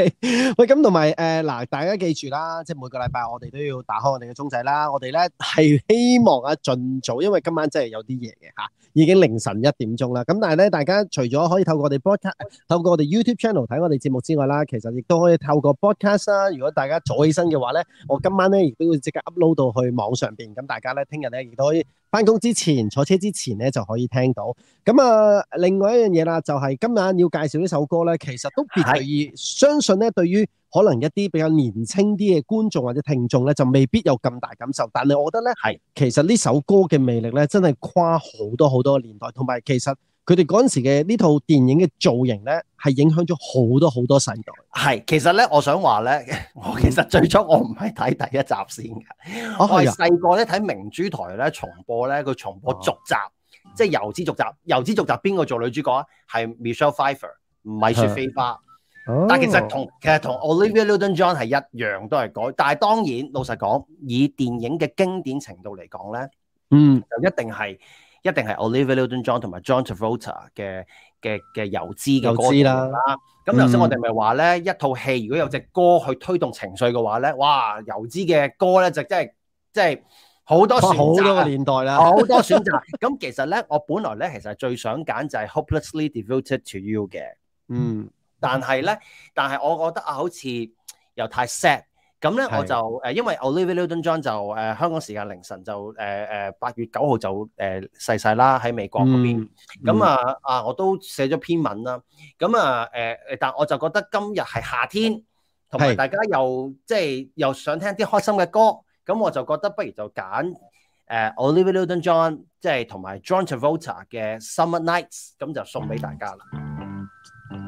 喂咁同埋誒嗱，大家記住啦，即係每個禮拜我哋都要打開我哋嘅鐘仔啦。我哋咧係希望啊盡早，因為今晚真係有啲夜嘅嚇，已經凌晨一點鐘啦。咁但係咧，大家除咗可以透過我哋 podcast，透過我哋 YouTube channel 睇我哋節目之外啦，其實亦都可以透過 podcast 啦。如果大家早起身嘅話咧，我今晚咧亦都會即刻 upload 到去網上邊，咁大家咧聽日咧亦都可以。翻工之前，坐車之前呢，就可以聽到。咁啊，另外一樣嘢啦，就係、是、今日要介紹呢首歌呢，其實都別具意義。的相信呢，對於可能一啲比較年輕啲嘅觀眾或者聽眾呢，就未必有咁大感受。但係我覺得呢，係的其實呢首歌嘅魅力呢，真係跨好多好多年代，同埋其實。佢哋嗰陣時嘅呢套電影嘅造型咧，係影響咗好多好多世代。
係，其實咧，我想話咧，我其實最初我唔係睇第一集先㗎，我係細個咧睇明珠台咧重播咧佢重播續集，哦、即係油脂續集。油脂續集邊個做女主角啊？係 Michelle Pfeiffer，唔係米雪菲花。哦、
但其實同
其實同 Olivia Newton John 係一樣都係改。但係當然老實講，以電影嘅經典程度嚟講咧，嗯，就一定係。一定係 Olivia Newton-John 同埋 John Travolta 嘅嘅嘅油脂嘅歌啦，咁頭先我哋咪話咧，嗯、一套戲如果有隻歌去推動情緒嘅話咧，哇，油脂嘅歌咧就真係即係好多選擇，好多個年代啦，好 多選擇。咁其實咧，我本來咧其實最想揀就係、是、Hopelessly Devoted to You 嘅，嗯，但係咧，但係我覺得啊，好似又太 sad。咁咧是我就誒，因為 Olivia Newton-John 就誒、呃、香港時間凌晨就誒誒八月九號就誒逝世啦，喺美國嗰邊。咁、嗯嗯、啊啊，我都寫咗篇文啦。咁啊誒、呃，但我就覺得今日係夏天，同埋大家又是即係又想聽啲開心嘅歌，咁我就覺得不如就揀誒 Olivia Newton-John 即係同埋 John Travolta
嘅 Summer Nights，咁就送俾大家啦。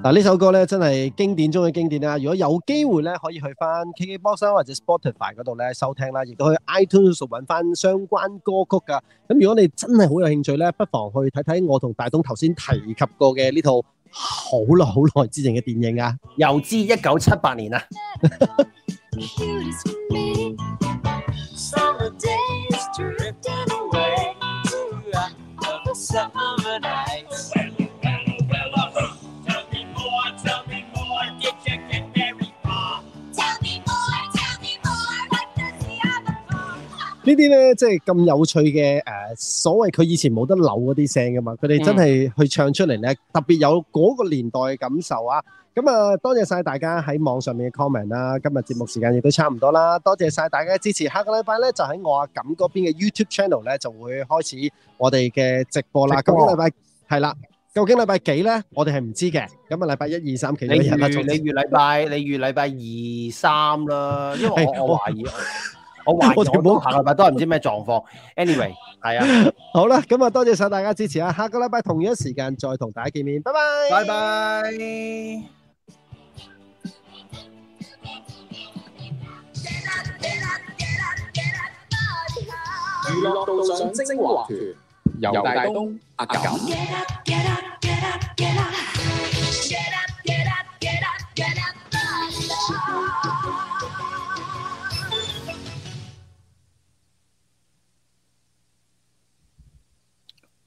嗱呢、啊、首歌咧真係經典中嘅經典啦、啊！如果有機會咧，可以去翻 KKBOX、啊、或者 Spotify 嗰度咧收聽啦、啊，亦都去 iTunes 搵翻相關歌曲噶、啊。咁如果你真係好有興趣咧，不妨去睇睇我同大東頭先提及過嘅呢套好耐好耐之前嘅電影啊，至《油脂一
九七八年》啊！
呢啲咧即係咁有趣嘅誒、呃，所謂佢以前冇得扭嗰啲聲噶嘛，佢哋真係去唱出嚟咧，特別有嗰個年代嘅感受啊！咁、嗯、啊，多謝晒大家喺網上面嘅 comment 啦。今日節目時間亦都差唔多啦，多謝晒大家支持。下個禮拜咧就喺我阿錦嗰邊嘅 YouTube channel 咧就會開始我哋嘅直播啦。播究竟禮拜係啦？究竟禮拜幾咧？我哋係唔知嘅。咁啊，禮拜一二三，其中你
預禮拜，你預禮拜二三啦，因為我 我，我懷疑。 我完全冇下個禮拜都係唔知咩
狀況。Anyway，係啊，好啦，咁啊多謝晒大家支持啊，下個禮拜同樣時間再同大家見面，拜拜，
拜拜。娛
樂道上精
華團，游大東阿九。